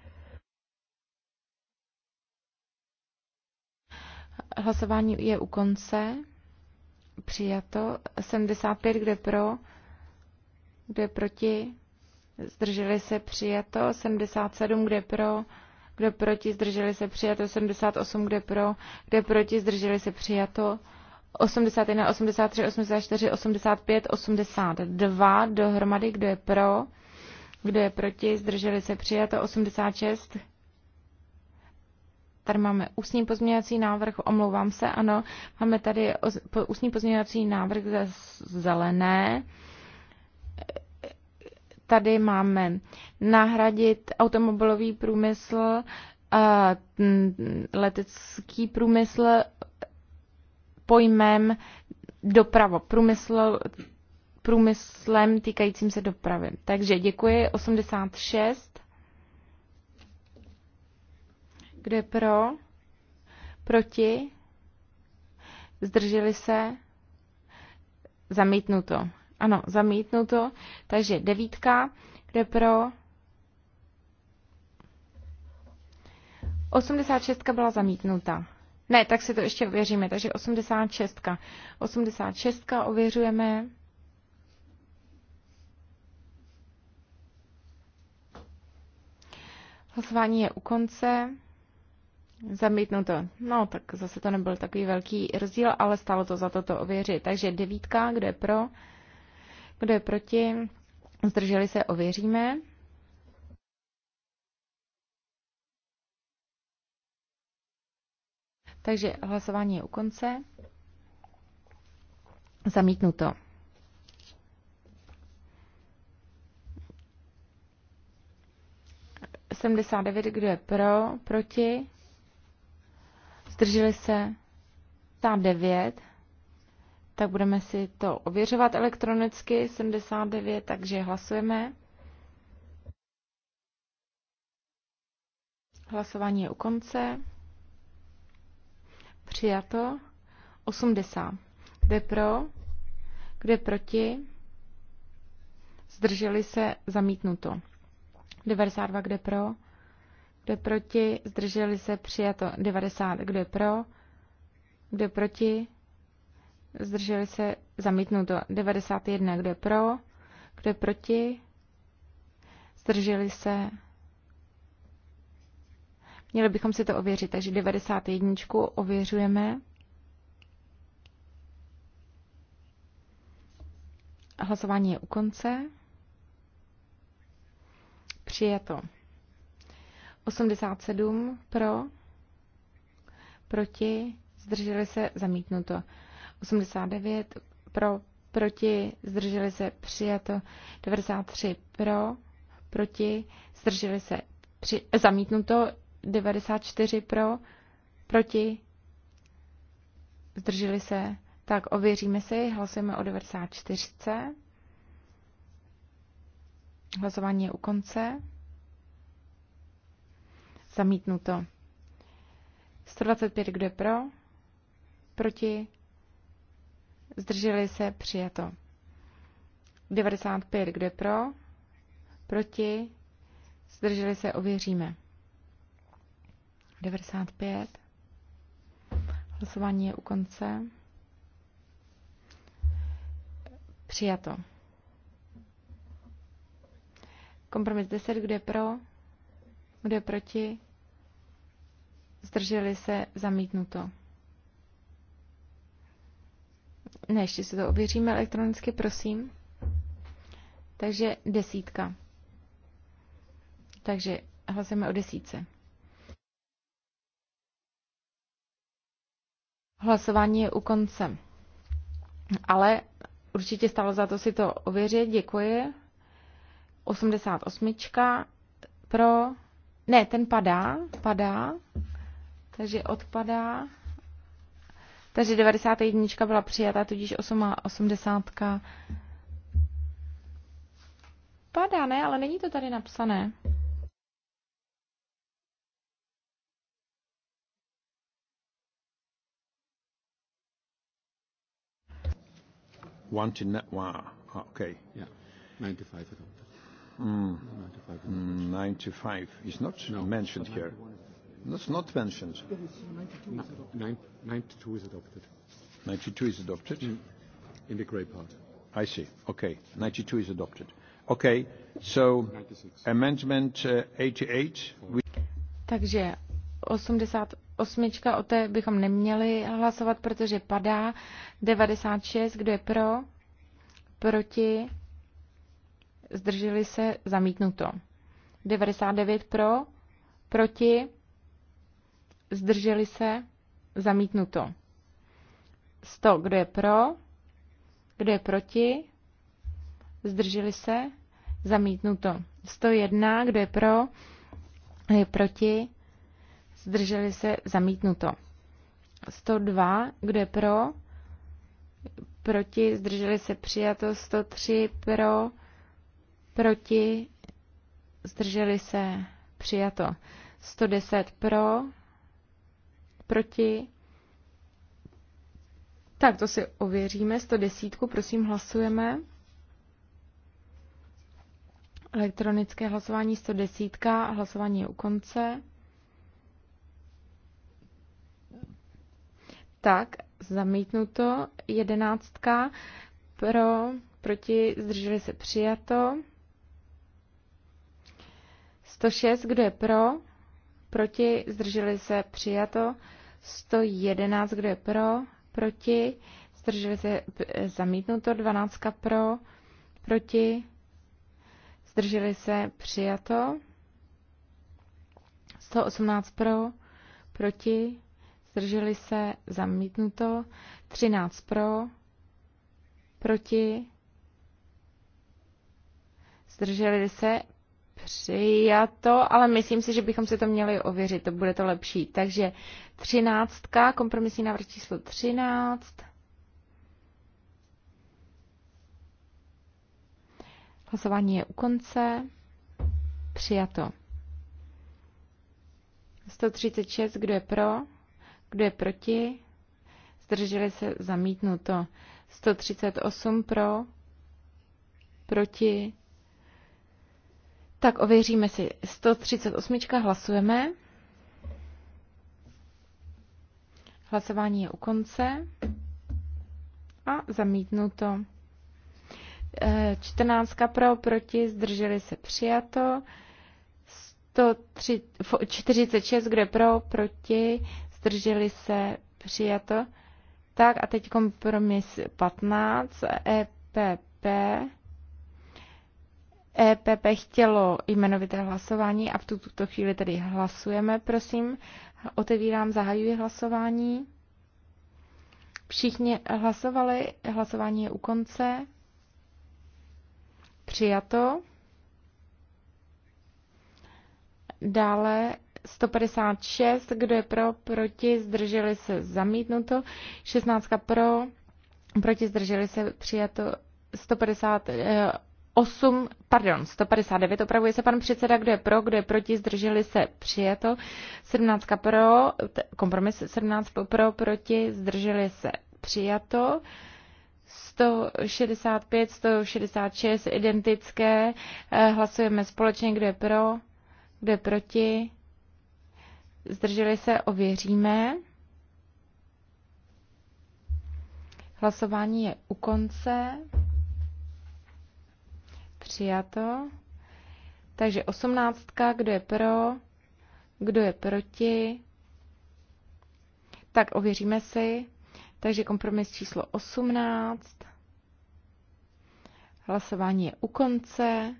Hlasování je u konce. Přijato 75, kde pro, kde proti zdrželi se přijato, 77, kde pro, kde proti, zdrželi se přijato, 78, kde pro, kde proti, zdrželi se přijato, 81, 83, 84, 85, 82 dohromady, kdo je pro, kdo je proti, zdrželi se přijato, 86, Tady máme ústní pozměňovací návrh, omlouvám se, ano. Máme tady ústní pozměňovací návrh ze zelené tady máme nahradit automobilový průmysl, letecký průmysl pojmem doprava, průmysl, průmyslem týkajícím se dopravy. Takže děkuji. 86. Kde pro? Proti? Zdrželi se? Zamítnuto. Ano, zamítnuto. Takže devítka, kde pro. 86 byla zamítnuta. Ne, tak si to ještě ověříme. Takže 86. 86 ověřujeme. Hlasování je u konce. Zamítnuto. No, tak zase to nebyl takový velký rozdíl, ale stálo to za to to ověřit. Takže devítka, kde pro? Kdo je proti? Zdrželi se, ověříme. Takže hlasování je u konce. Zamítnuto. to. 79 kdo je pro, proti, zdrželi se, 79, tak budeme si to ověřovat elektronicky, 79, takže hlasujeme. Hlasování je u konce. Přijato 80. Kde pro? Kde proti? Zdrželi se zamítnuto. 92. Kde pro? Kde proti? Zdrželi se přijato. 90. Kde pro? Kde proti? zdrželi se zamítnuto 91, kdo je pro, kdo je proti, zdrželi se. Měli bychom si to ověřit, takže 91 ověřujeme. Hlasování je u konce. přijeto 87 pro, proti, zdrželi se, zamítnuto. 89 pro, proti, zdrželi se přijato 93 pro, proti, zdrželi se při, zamítnuto 94 pro, proti, zdrželi se, tak ověříme si, hlasujeme o 94. Hlasování je u konce. Zamítnuto. 125, kdo je pro? Proti? Zdrželi se přijato. 95, kdo je pro? Proti? Zdrželi se, ověříme. 95. Hlasování je u konce. Přijato. Kompromis 10, kdo je pro? Kdo je proti? Zdrželi se, zamítnuto. Ne, ještě si to ověříme elektronicky, prosím. Takže desítka. Takže hlasujeme o desítce. Hlasování je u konce. Ale určitě stalo za to si to ověřit. Děkuji. 88. Pro... Ne, ten padá. Padá. Takže odpadá. Takže 91 byla přijata, tudíž 8, 80 padá, ne? Ale není to tady napsané. One to net, wow. Ah, okay. Yeah. 95 I don't. Mm. 95. Mm, 95. It's not no, mentioned here. 91. That's not mentioned. 92 is adopted. 92 is adopted? Mm. In the grey part. I see. Okay. 92 is adopted. Okay. So 96. amendment uh, 88. We... Takže 88. o té bychom neměli hlasovat, protože padá. 96, kdo je pro? Proti? Zdrželi se? Zamítnuto. 99 pro? Proti? zdrželi se, zamítnuto. 100, kdo je pro, kdo je proti, zdrželi se, zamítnuto. 101, kdo je pro, kdo je proti, zdrželi se, zamítnuto. 102, kdo je pro, proti, zdrželi se, přijato. 103, pro, proti, zdrželi se, přijato. 110 pro, proti. Tak to si ověříme, 110, prosím hlasujeme. Elektronické hlasování 110, hlasování je u konce. Tak, zamítnuto, jedenáctka, pro, proti, zdrželi se přijato. 106, kdo je pro, proti, zdrželi se přijato. 111, kdo je pro, proti, zdrželi se zamítnuto, 12 pro, proti, zdrželi se přijato, 118 pro, proti, zdrželi se zamítnuto, 13 pro, proti, zdrželi se přijato, ale myslím si, že bychom si to měli ověřit, to bude to lepší. Takže Třináctka, kompromisní návrh číslo 13. Hlasování je u konce. Přijato. 136, kdo je pro, kdo je proti, zdrželi se zamítnuto. 138 pro, proti. Tak ověříme si. 138 hlasujeme. Hlasování je u konce a zamítnuto. 14 pro, proti, zdrželi se přijato. 103, 46, kde pro, proti, zdrželi se přijato. Tak a teď kompromis 15, EPP. EPP chtělo jmenovité hlasování a v tuto chvíli tedy hlasujeme, prosím. Otevírám, zahajuji hlasování. Všichni hlasovali, hlasování je u konce. Přijato. Dále 156, kdo je pro, proti, zdrželi se, zamítnuto. 16 pro, proti, zdrželi se, přijato. 150, 8, pardon, 159, opravuje se pan předseda, kdo je pro, kdo je proti, zdrželi se, přijeto. 17 pro, kompromis 17 pro, proti, zdrželi se, přijato. 165, 166, identické, eh, hlasujeme společně, kdo je pro, kdo je proti, zdrželi se, ověříme. Hlasování je u konce. Přijato. Takže osmnáctka, kdo je pro, kdo je proti. Tak ověříme si. Takže kompromis číslo 18. Hlasování je u konce.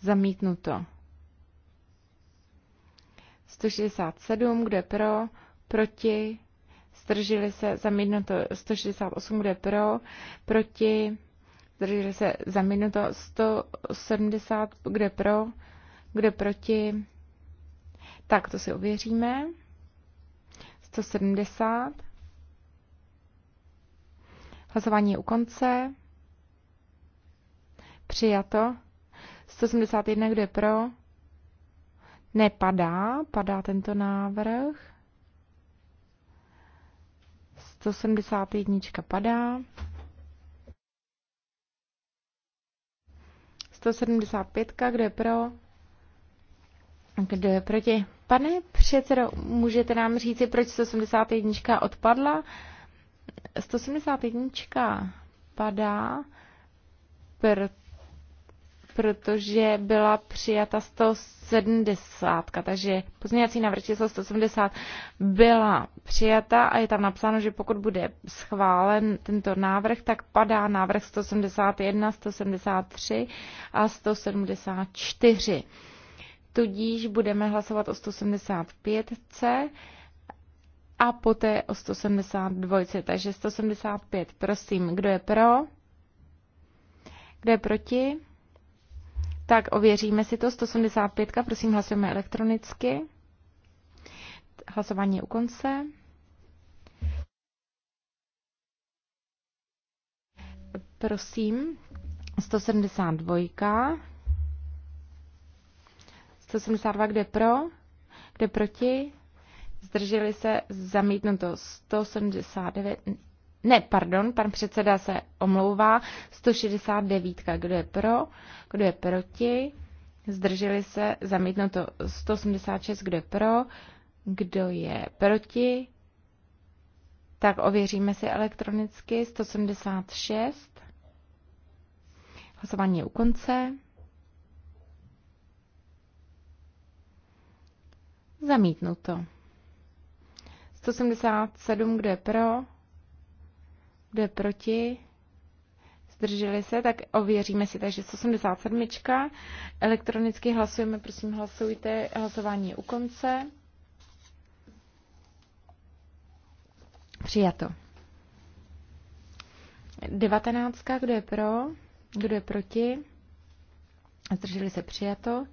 Zamítnuto. 167, kdo je pro, proti, zdrželi se, zamítnuto 168, kdo je pro, proti, zdrželi se za minuto 170, kde pro, kde proti. Tak, to si ověříme. 170. Hlasování je u konce. Přijato. 171, kde pro. Nepadá, padá tento návrh. 171 padá. 175, kdo je pro? Kdo je proti? Pane předsedo, můžete nám říci, proč 181 odpadla? 181 padá, proto protože byla přijata 170, takže pozměňovací návrh číslo 170 byla přijata a je tam napsáno, že pokud bude schválen tento návrh, tak padá návrh 171, 173 a 174. Tudíž budeme hlasovat o 175C a poté o 172. Takže 175, prosím, kdo je pro? Kdo je proti? Tak ověříme si to. 185, prosím, hlasujeme elektronicky. Hlasování je u konce. Prosím, 172. 172, kde pro, kde proti, zdrželi se, zamítnuto 179, ne, pardon, pan předseda se omlouvá. 169. Kdo je pro? Kdo je proti? Zdrželi se, to. 186, kdo je pro, kdo je proti. Tak ověříme si elektronicky 176. Hlasování je u konce. Zamítnuto. 177, kdo je pro, kdo je proti? Zdrželi se, tak ověříme si. Takže 187. Elektronicky hlasujeme, prosím, hlasujte. Hlasování je u konce. Přijato. 19. Kdo je pro? Kdo je proti? Zdrželi se přijato.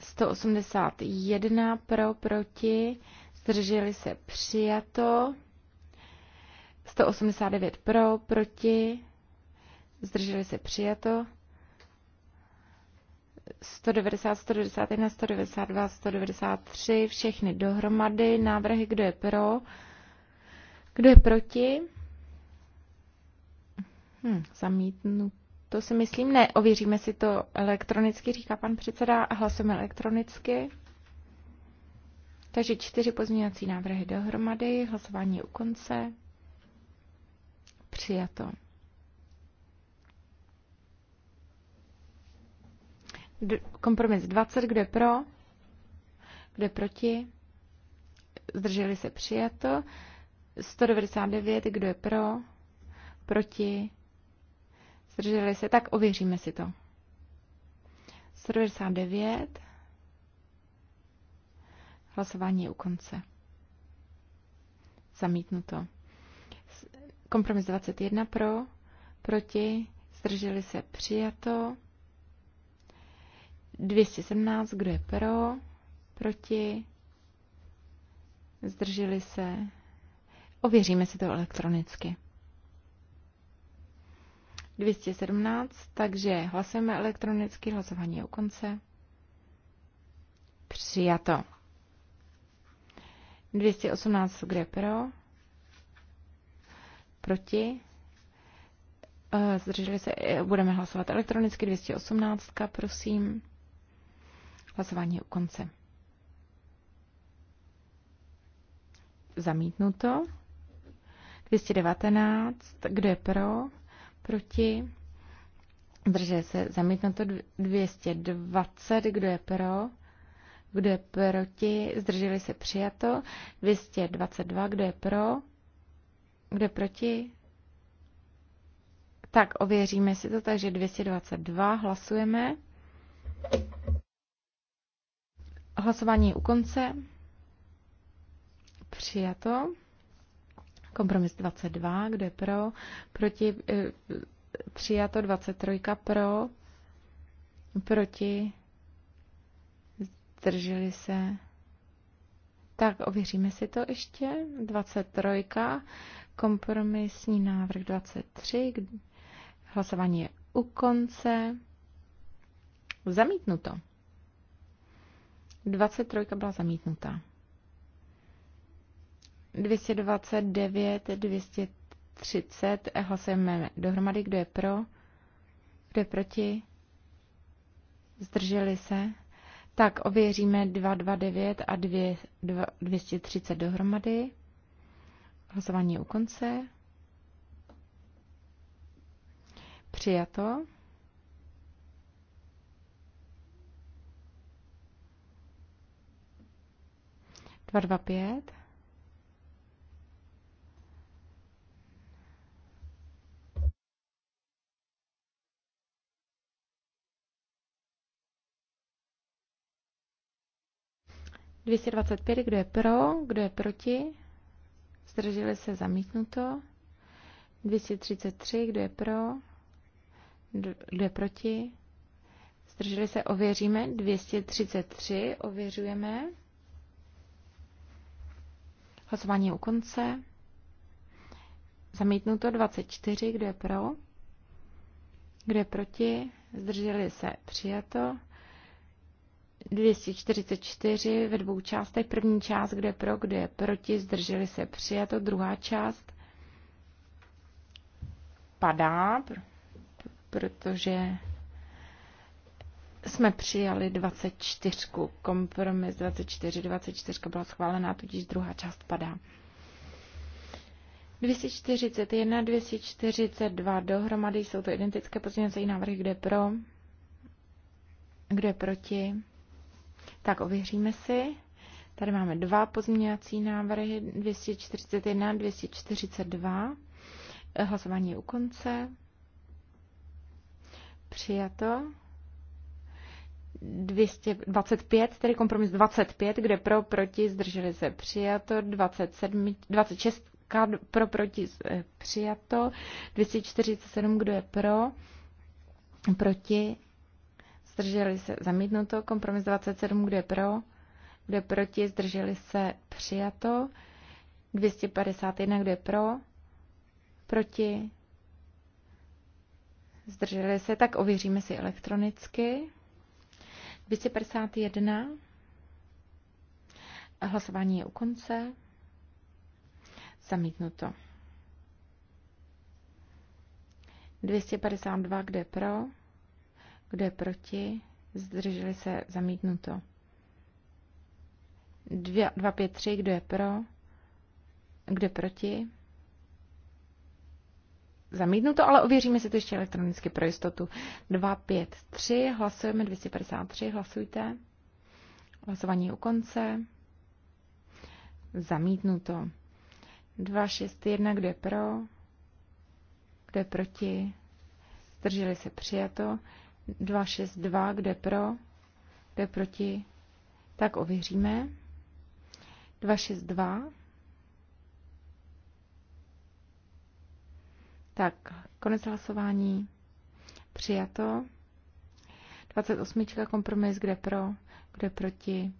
181 pro, proti. Zdrželi se přijato. 189 pro, proti, zdrželi se přijato. 190, 191, 192, 193, všechny dohromady, návrhy, kdo je pro, kdo je proti. Hm, zamítnu. To si myslím, ne, ověříme si to elektronicky, říká pan předseda, a hlasujeme elektronicky. Takže čtyři pozměňovací návrhy dohromady, hlasování u konce. Přijato. D- kompromis 20, kde pro, kde proti, zdrželi se přijato. 199, kdo je pro, proti, zdrželi se, tak ověříme si to. 199, hlasování je u konce. Zamítnuto. Kompromis 21 pro, proti, zdrželi se přijato. 217, kdo je pro, proti, zdrželi se. Ověříme si to elektronicky. 217, takže hlasujeme elektronicky, hlasování je u konce. Přijato. 218, kde pro, proti, eh, zdrželi se, eh, budeme hlasovat elektronicky, 218, prosím. Hlasování je u konce. Zamítnuto. 219, kdo je pro, proti, zdrželi se, zamítnuto 220, kdo je pro, kdo je proti, zdrželi se, přijato, 222, kdo je pro, kde proti? Tak, ověříme si to, takže 222 hlasujeme. Hlasování je u konce. Přijato. Kompromis 22, kdo je pro? Proti, eh, přijato 23 pro, proti, zdrželi se. Tak ověříme si to ještě. 23. Kompromisní návrh 23. Hlasování je u konce. Zamítnuto. 23 byla zamítnuta. 229, 230 hlasujeme dohromady, kdo je pro, kdo je proti, zdrželi se. Tak ověříme 229 a 2, 230 dohromady. Hlasování u konce. Přijato. Dva, dva, pět. Dvěstě dvacet pět, kdo je pro, kdo je proti? zdrželi se zamítnuto. 233, kdo je pro, kdo je proti, zdrželi se, ověříme. 233, ověřujeme. Hlasování u konce. Zamítnuto 24, kdo je pro, kdo je proti, zdrželi se, přijato. 244 ve dvou částech. První část, kde pro, kde proti, zdrželi se přijato. Druhá část padá, protože jsme přijali 24. Kompromis 24, 24 byla schválená, tudíž druhá část padá. 241, 242 dohromady jsou to identické pozměňovací návrhy, kde pro, kde proti tak ověříme si. Tady máme dva pozměňovací návrhy, 241, 242. Hlasování je u konce. Přijato. 225, tedy kompromis 25, kde pro, proti, zdrželi se přijato, 27, 26 pro, proti, přijato, 247, kdo je pro, proti, eh, zdrželi se zamítnuto, kompromis 27, kde pro, kde proti, zdrželi se přijato, 251, kde pro, proti, zdrželi se, tak ověříme si elektronicky. 251, hlasování je u konce, zamítnuto. 252, kde pro, kdo je proti? Zdrželi se zamítnuto. 3, kdo je pro? Kdo je proti? Zamítnuto, ale ověříme si to ještě elektronicky pro jistotu. 3, hlasujeme 253, hlasujte. Hlasování u konce. Zamítnuto. 1, kdo je pro? Kdo je proti? Zdrželi se přijato. 262, kde pro, kde proti, tak ověříme. 262. Tak, konec hlasování. Přijato. 28. kompromis, kde pro, kde proti.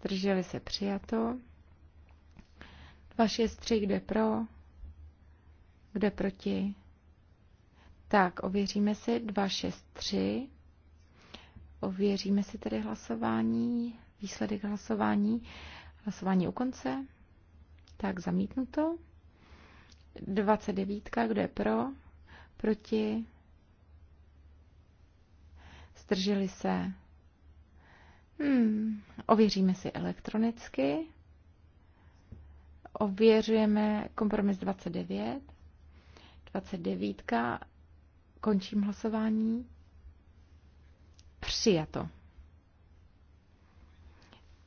Zdrželi se přijato. 263, kde pro, kde proti. Tak, ověříme si 263. Ověříme si tedy hlasování, výsledek hlasování. Hlasování u konce. Tak, zamítnuto. 29. Kdo je pro? Proti? Zdrželi se? Hmm, ověříme si elektronicky. Ověřujeme kompromis 29. 29. Končím hlasování. Přijato.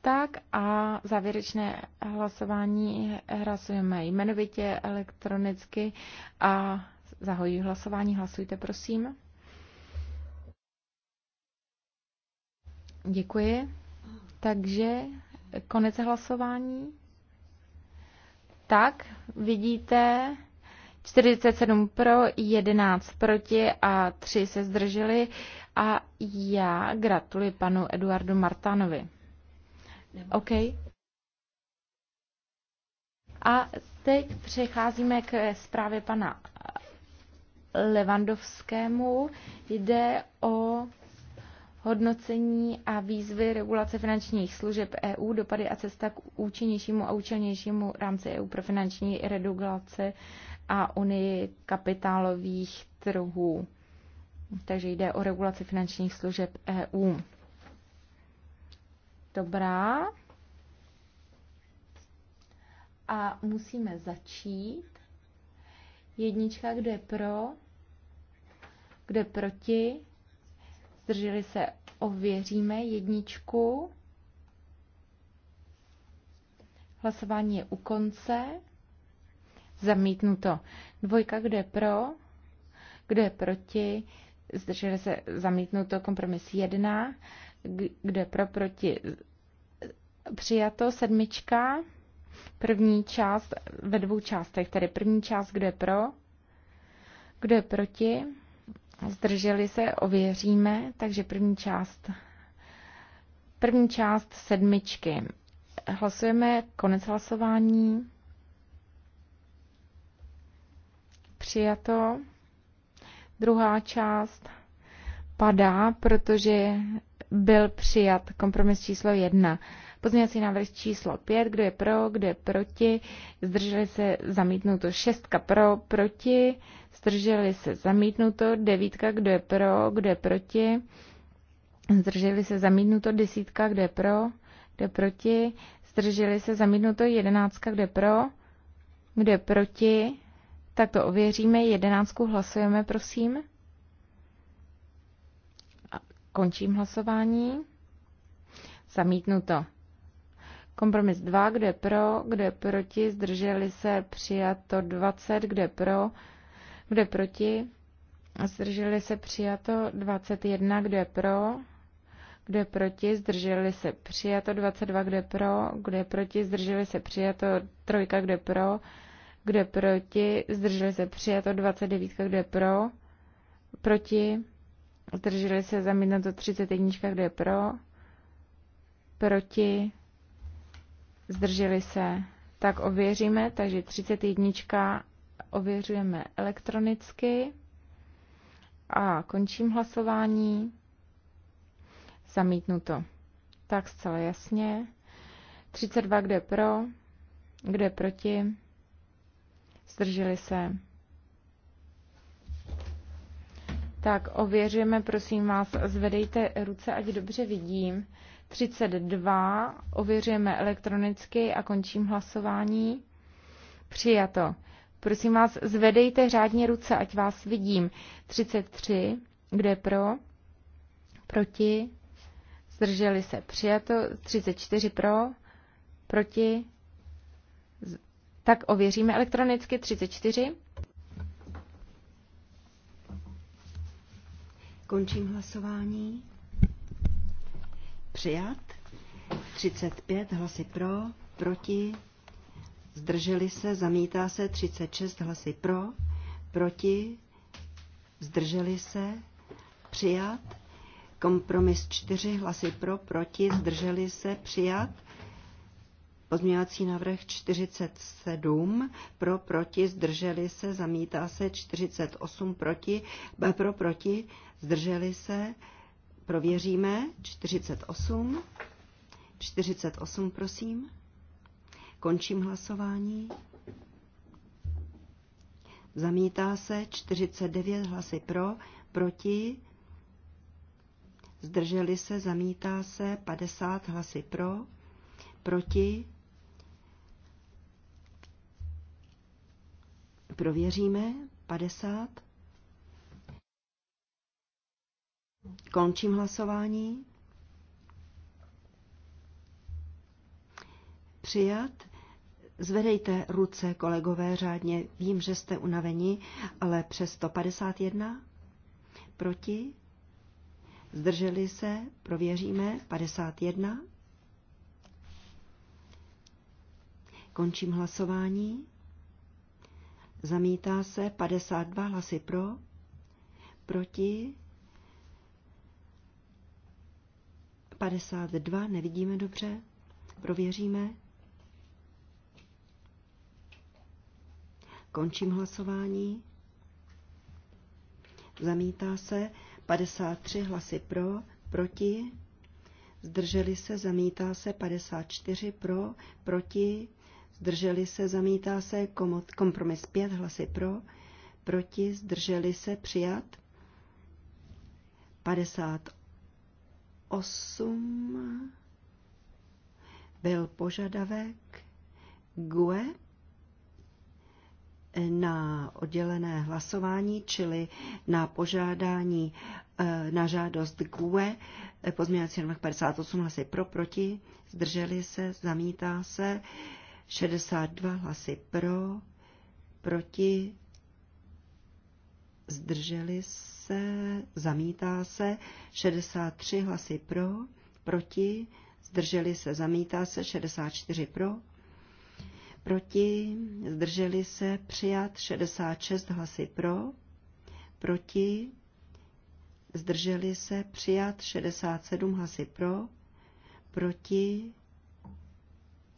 Tak a závěrečné hlasování hlasujeme jmenovitě elektronicky a zahojí hlasování. Hlasujte, prosím. Děkuji. Takže konec hlasování. Tak, vidíte, 47 pro, 11 proti a 3 se zdrželi. A já gratuluji panu Eduardu Martánovi. OK. A teď přecházíme k zprávě pana Levandovskému. Jde o hodnocení a výzvy regulace finančních služeb EU, dopady a cesta k účinnějšímu a účelnějšímu rámci EU pro finanční regulace a unii kapitálových trhů. Takže jde o regulaci finančních služeb EU. Dobrá. A musíme začít. Jednička, kdo je pro, kdo je proti. Zdrželi se, ověříme jedničku. Hlasování je u konce zamítnuto. Dvojka, kdo je pro, kdo je proti, zdrželi se zamítnuto. Kompromis jedna. kdo je pro, proti, přijato. Sedmička, první část ve dvou částech, tedy první část, kdo je pro, kdo je proti, zdrželi se, ověříme, takže první část, první část sedmičky. Hlasujeme konec hlasování. přijato. Druhá část padá, protože byl přijat kompromis číslo jedna. Pozměňovací návrh číslo 5, kdo je pro, kdo je proti, zdrželi se zamítnuto šestka pro, proti, zdrželi se zamítnuto devítka, kdo je pro, kdo je proti, zdrželi se zamítnuto desítka, kdo je pro, kdo je proti, zdrželi se zamítnuto jedenáctka, kdo je pro, kdo je proti, tak to ověříme. Jedenáctku hlasujeme, prosím. A končím hlasování. Zamítnuto. Kompromis 2, kdo je pro, kdo je proti, zdrželi se, přijato 20, kdo je pro, kdo je proti, zdrželi se, přijato 21, kdo je pro, kdo je proti, zdrželi se, přijato 22, kdo je pro, kdo je proti, zdrželi se, přijato 3, kdo je pro, kdo je proti, zdrželi se přijato 29, kdo je pro, proti, zdrželi se zamítnuto 31, kdo je pro, proti, zdrželi se, tak ověříme, takže 31 ověřujeme elektronicky a končím hlasování. Zamítnuto. Tak zcela jasně. 32, kde pro, kde proti zdrželi se. Tak ověříme, prosím vás, zvedejte ruce, ať dobře vidím. 32, ověřujeme elektronicky a končím hlasování. Přijato. Prosím vás, zvedejte řádně ruce, ať vás vidím. 33, kde pro? Proti? Zdrželi se. Přijato. 34 pro? Proti? tak ověříme elektronicky 34. Končím hlasování. Přijat. 35 hlasy pro, proti, zdrželi se, zamítá se 36 hlasy pro, proti, zdrželi se, přijat. Kompromis 4 hlasy pro, proti, zdrželi se, přijat. Pozměňovací návrh 47 pro, proti, zdrželi se, zamítá se 48 proti, eh, pro, proti, zdrželi se, prověříme 48. 48, prosím. Končím hlasování. Zamítá se 49 hlasy pro, proti, zdrželi se, zamítá se 50 hlasy pro, proti, Prověříme. 50. Končím hlasování. Přijat. Zvedejte ruce, kolegové, řádně. Vím, že jste unaveni, ale přes 151. Proti. Zdrželi se. Prověříme. 51. Končím hlasování. Zamítá se 52 hlasy pro, proti 52, nevidíme dobře, prověříme. Končím hlasování. Zamítá se 53 hlasy pro, proti, zdrželi se, zamítá se 54 pro, proti, zdrželi se, zamítá se, kompromis pět hlasy pro, proti, zdrželi se, přijat, 58 byl požadavek GUE na oddělené hlasování, čili na požádání eh, na žádost GUE pozměňovací návrh 58 hlasy pro, proti, zdrželi se, zamítá se, 62 hlasy pro, proti, zdrželi se, zamítá se, 63 hlasy pro, proti, zdrželi se, zamítá se, 64 pro, proti, zdrželi se, přijat, 66 hlasy pro, proti, zdrželi se, přijat, 67 hlasy pro, proti,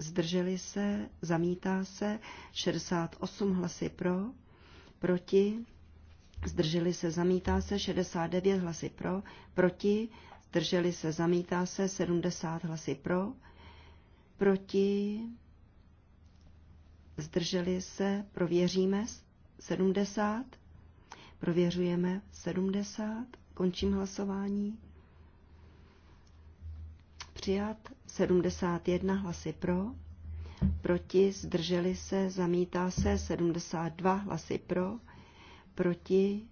zdrželi se, zamítá se, 68 hlasy pro, proti, zdrželi se, zamítá se, 69 hlasy pro, proti, zdrželi se, zamítá se, 70 hlasy pro, proti, zdrželi se, prověříme 70, prověřujeme 70, končím hlasování přijat 71 hlasy pro, proti zdrželi se, zamítá se 72 hlasy pro, proti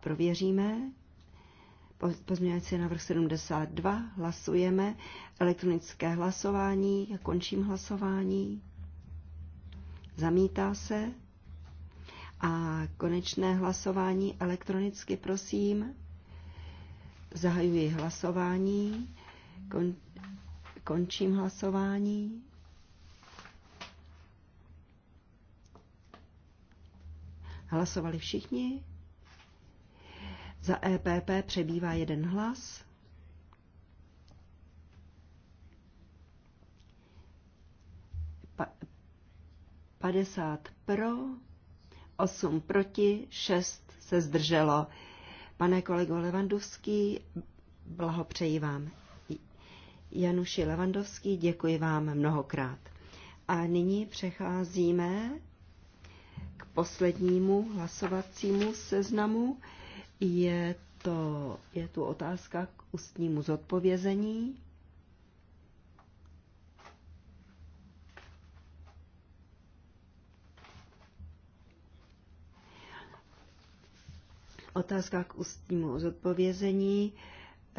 prověříme, pozměňující návrh 72, hlasujeme, elektronické hlasování, já končím hlasování, zamítá se a konečné hlasování elektronicky prosím, zahajuji hlasování, Kon, končím hlasování. Hlasovali všichni? Za EPP přebývá jeden hlas. Pa, 50 pro, 8 proti, 6 se zdrželo. Pane kolego Levandovský, blahopřeji vám. Januši Levandovský, děkuji vám mnohokrát. A nyní přecházíme k poslednímu hlasovacímu seznamu. Je, to, je tu otázka k ústnímu zodpovězení. Otázka k ústnímu zodpovězení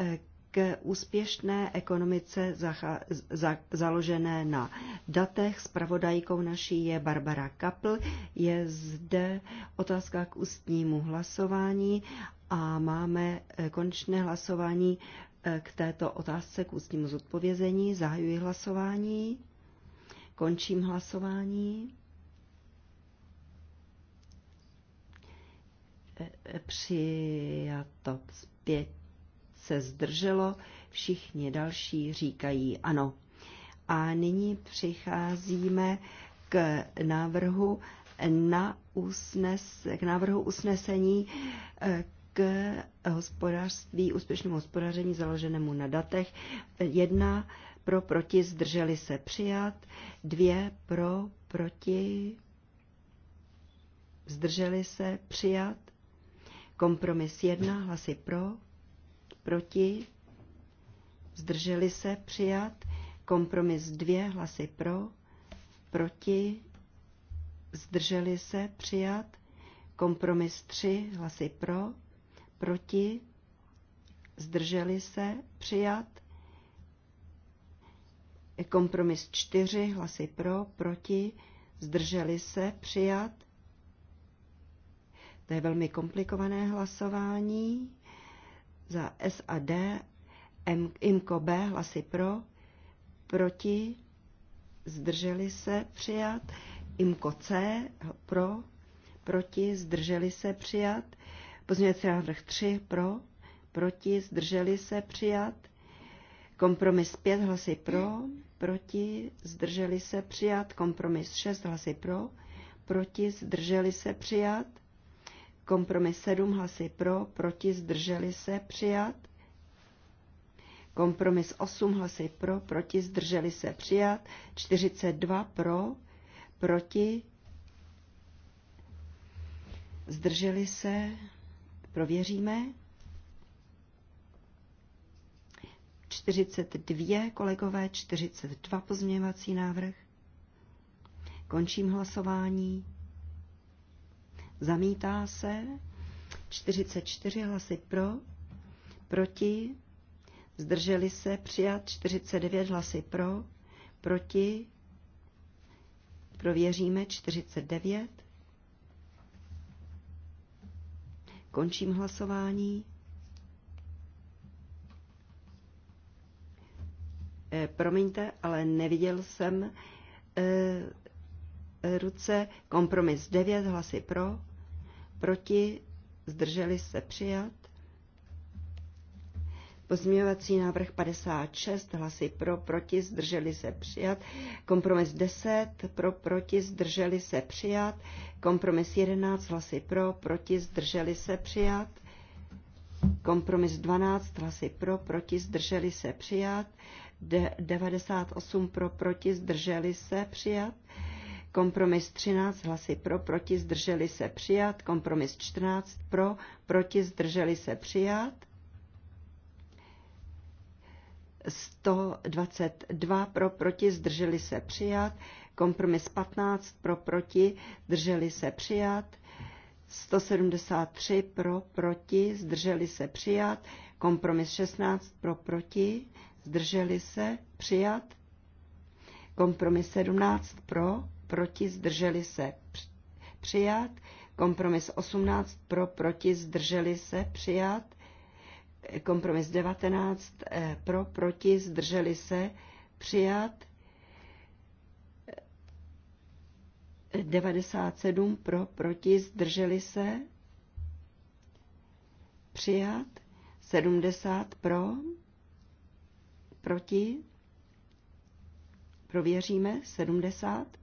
eh, k úspěšné ekonomice zacha, za, založené na datech. Spravodajkou naší je Barbara Kapl. Je zde otázka k ústnímu hlasování a máme eh, konečné hlasování eh, k této otázce k ústnímu zodpovězení. Zahajuji hlasování. Končím hlasování. Eh, přijato zpět se zdrželo, všichni další říkají ano. A nyní přicházíme k návrhu na usnes, k návrhu usnesení eh, k hospodářství, úspěšnému hospodaření založenému na datech. Jedna pro, proti, zdrželi se přijat. Dvě pro, proti, zdrželi se přijat. Kompromis jedna, hlasy pro, proti, zdrželi se přijat, kompromis dvě hlasy pro, proti, zdrželi se přijat, kompromis tři hlasy pro, proti, zdrželi se přijat, kompromis čtyři hlasy pro, proti, zdrželi se přijat, to je velmi komplikované hlasování za SAD, IMKO B, hlasy pro, proti, zdrželi se přijat, IMKO C, pro, proti, zdrželi se přijat, pozměňovací návrh 3, pro, proti, zdrželi se přijat, kompromis 5, hlasy pro, proti, zdrželi se přijat, kompromis 6, hlasy pro, proti, zdrželi se přijat, Kompromis 7 hlasy pro, proti, zdrželi se, přijat. Kompromis 8 hlasy pro, proti, zdrželi se, přijat. 42 pro, proti, zdrželi se, prověříme. 42, kolegové, 42 pozměňovací návrh. Končím hlasování zamítá se, 44 hlasy pro, proti, zdrželi se, přijat 49 hlasy pro, proti, prověříme 49, končím hlasování, eh, promiňte, ale neviděl jsem eh, ruce, kompromis 9 hlasy pro, proti, zdrželi se přijat. Pozměňovací návrh 56, hlasy pro, proti, zdrželi se přijat. Kompromis 10, pro, proti, zdrželi se přijat. Kompromis 11, hlasy pro, proti, zdrželi se přijat. Kompromis 12, hlasy pro, proti, zdrželi se přijat. De 98 pro, proti, zdrželi se přijat. Kompromis 13 hlasy pro, proti, zdrželi se přijat. Kompromis 14 pro, proti, zdrželi se přijat. 122 pro, proti, zdrželi se přijat. Kompromis 15 pro, proti, zdrželi se přijat. 173 pro, proti, zdrželi se přijat. Kompromis 16 pro, proti, zdrželi se přijat. Kompromis 17 pro, proti, zdrželi se přijat. Kompromis 18 pro, proti, zdrželi se přijat. Kompromis 19 eh, pro, proti, zdrželi se přijat. 97 pro, proti, zdrželi se přijat. 70 pro, proti, prověříme, 70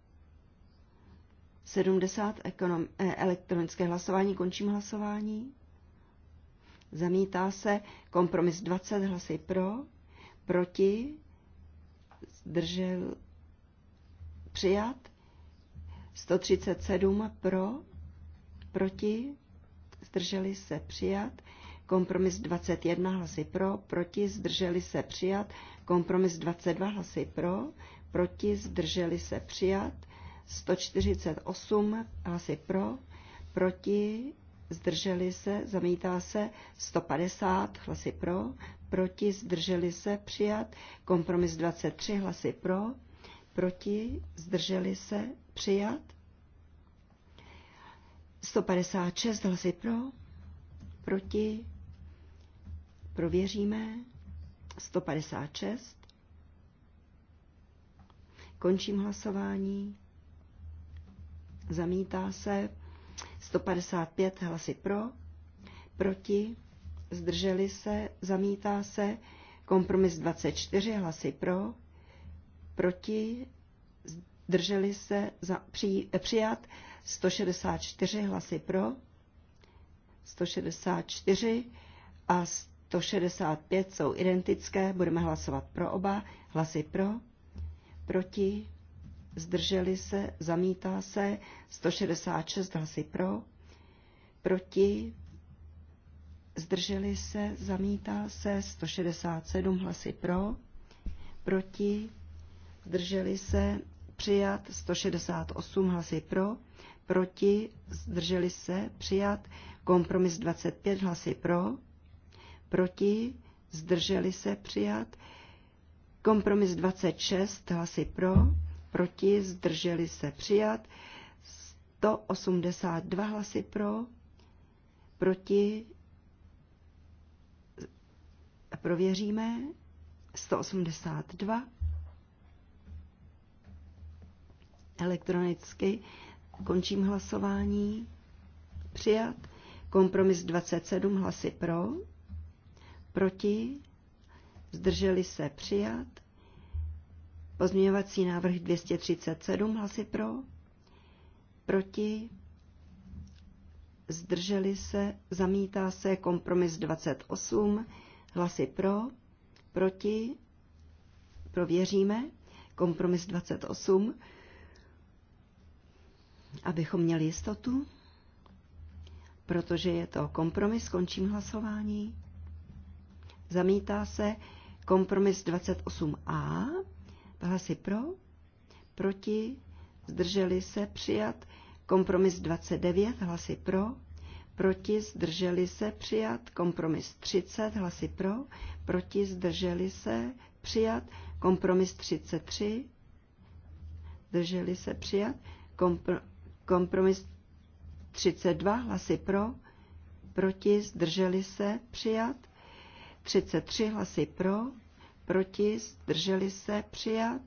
70 ekonom, eh, elektronické hlasování, končím hlasování. Zamítá se kompromis 20 hlasy pro, proti, zdržel, přijat, 137 pro, proti, zdrželi se přijat, kompromis 21 hlasy pro, proti, zdrželi se přijat, kompromis 22 hlasy pro, proti, zdrželi se přijat, 148 hlasy pro, proti, zdrželi se, zamítá se 150 hlasy pro, proti, zdrželi se, přijat, kompromis 23 hlasy pro, proti, zdrželi se, přijat, 156 hlasy pro, proti, prověříme, 156, končím hlasování, zamítá se, 155 hlasy pro, proti, zdrželi se, zamítá se, kompromis 24 hlasy pro, proti, zdrželi se, za, při, eh, přijat, 164 hlasy pro, 164 a 165 jsou identické, budeme hlasovat pro oba, hlasy pro, proti, zdrželi se, zamítá se, 166 hlasy pro, proti, zdrželi se, zamítá se, 167 hlasy pro, proti, zdrželi se, přijat, 168 hlasy pro, proti, zdrželi se, přijat, kompromis 25 hlasy pro, proti, zdrželi se, přijat, kompromis 26 hlasy pro, proti, zdrželi se přijat, 182 hlasy pro, proti, prověříme, 182 elektronicky, končím hlasování, přijat, kompromis 27 hlasy pro, proti, zdrželi se přijat, Pozměňovací návrh 237 hlasy pro, proti, zdrželi se, zamítá se kompromis 28, hlasy pro, proti, prověříme, kompromis 28, abychom měli jistotu, protože je to kompromis, končím hlasování, zamítá se kompromis 28a, hlasy pro, proti, zdrželi se přijat. Kompromis 29 hlasy pro, proti, zdrželi se přijat. Kompromis 30 hlasy pro, proti, zdrželi se přijat. Kompromis 33 zdrželi se přijat. Kompr- kompromis 32 hlasy pro, proti, zdrželi se přijat. 33 hlasy pro, proti, zdrželi se, přijat.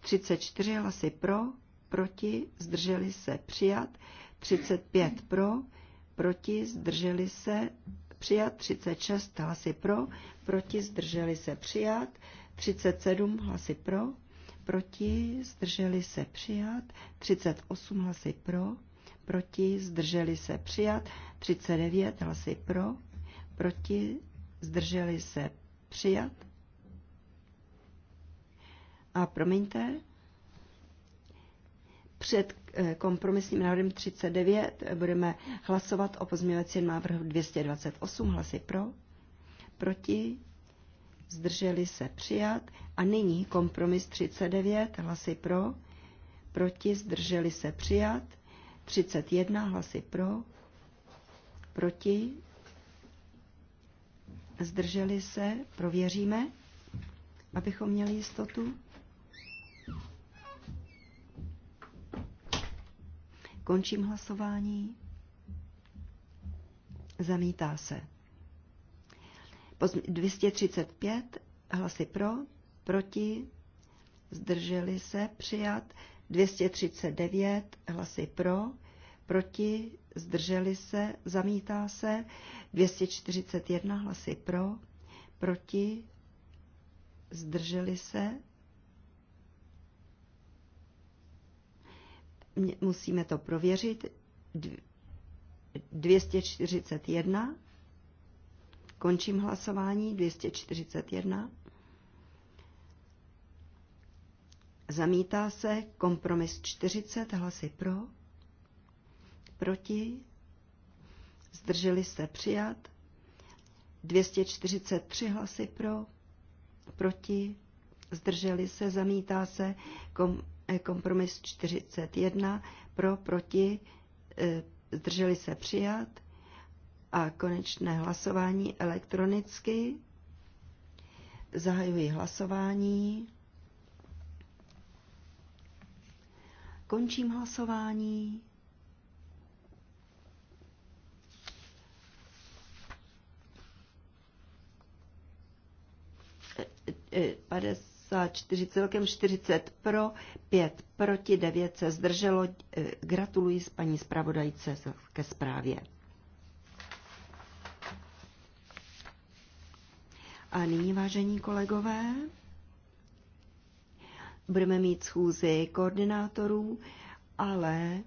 34 hlasy pro, proti, zdrželi se, přijat. 35 pro, proti, zdrželi se, přijat. 36 hlasy pro, proti, zdrželi se, přijat. 37 hlasy pro, proti, zdrželi se, přijat. 38 hlasy pro, proti, zdrželi se, přijat. 39 hlasy pro, proti, zdrželi se, přijat. A promiňte, před eh, kompromisním návrhem 39 budeme hlasovat o pozměňovacím návrhu 228 hlasy pro, proti, zdrželi se přijat a nyní kompromis 39 hlasy pro, proti, zdrželi se přijat, 31 hlasy pro, proti, zdrželi se, prověříme, abychom měli jistotu. Končím hlasování. Zamítá se. 235 hlasy pro, proti, zdrželi se, přijat. 239 hlasy pro, proti, zdrželi se, zamítá se. 241 hlasy pro, proti, zdrželi se, musíme to prověřit, 241, končím hlasování, 241, zamítá se kompromis 40, hlasy pro, proti, zdrželi se přijat, 243 hlasy pro, proti, zdrželi se, zamítá se, kom, Eh, kompromis 41 pro, proti, eh, zdrželi se přijat a konečné hlasování elektronicky. Zahajuji hlasování. Končím hlasování. Eh, Padesát 54, celkem 40 pro, 5 proti, 9 se zdrželo. Eh, gratuluji s paní zpravodajce ke zprávě. A nyní, vážení kolegové, budeme mít schůzi koordinátorů, ale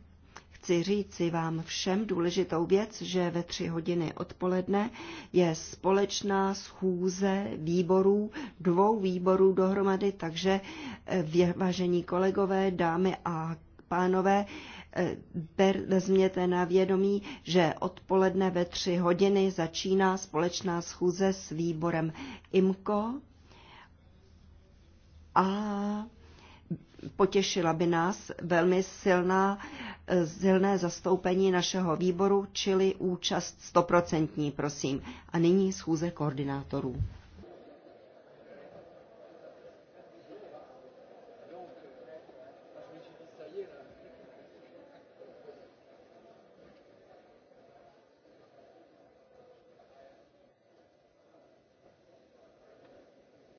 chci říci vám všem důležitou věc, že ve tři hodiny odpoledne je společná schůze výborů, dvou výborů dohromady, takže eh, vážení kolegové, dámy a pánové, eh, ber, vezměte na vědomí, že odpoledne ve tři hodiny začíná společná schůze s výborem IMKO a potěšila by nás velmi silná, eh, silné zastoupení našeho výboru, čili účast stoprocentní, prosím. A nyní schůze koordinátorů.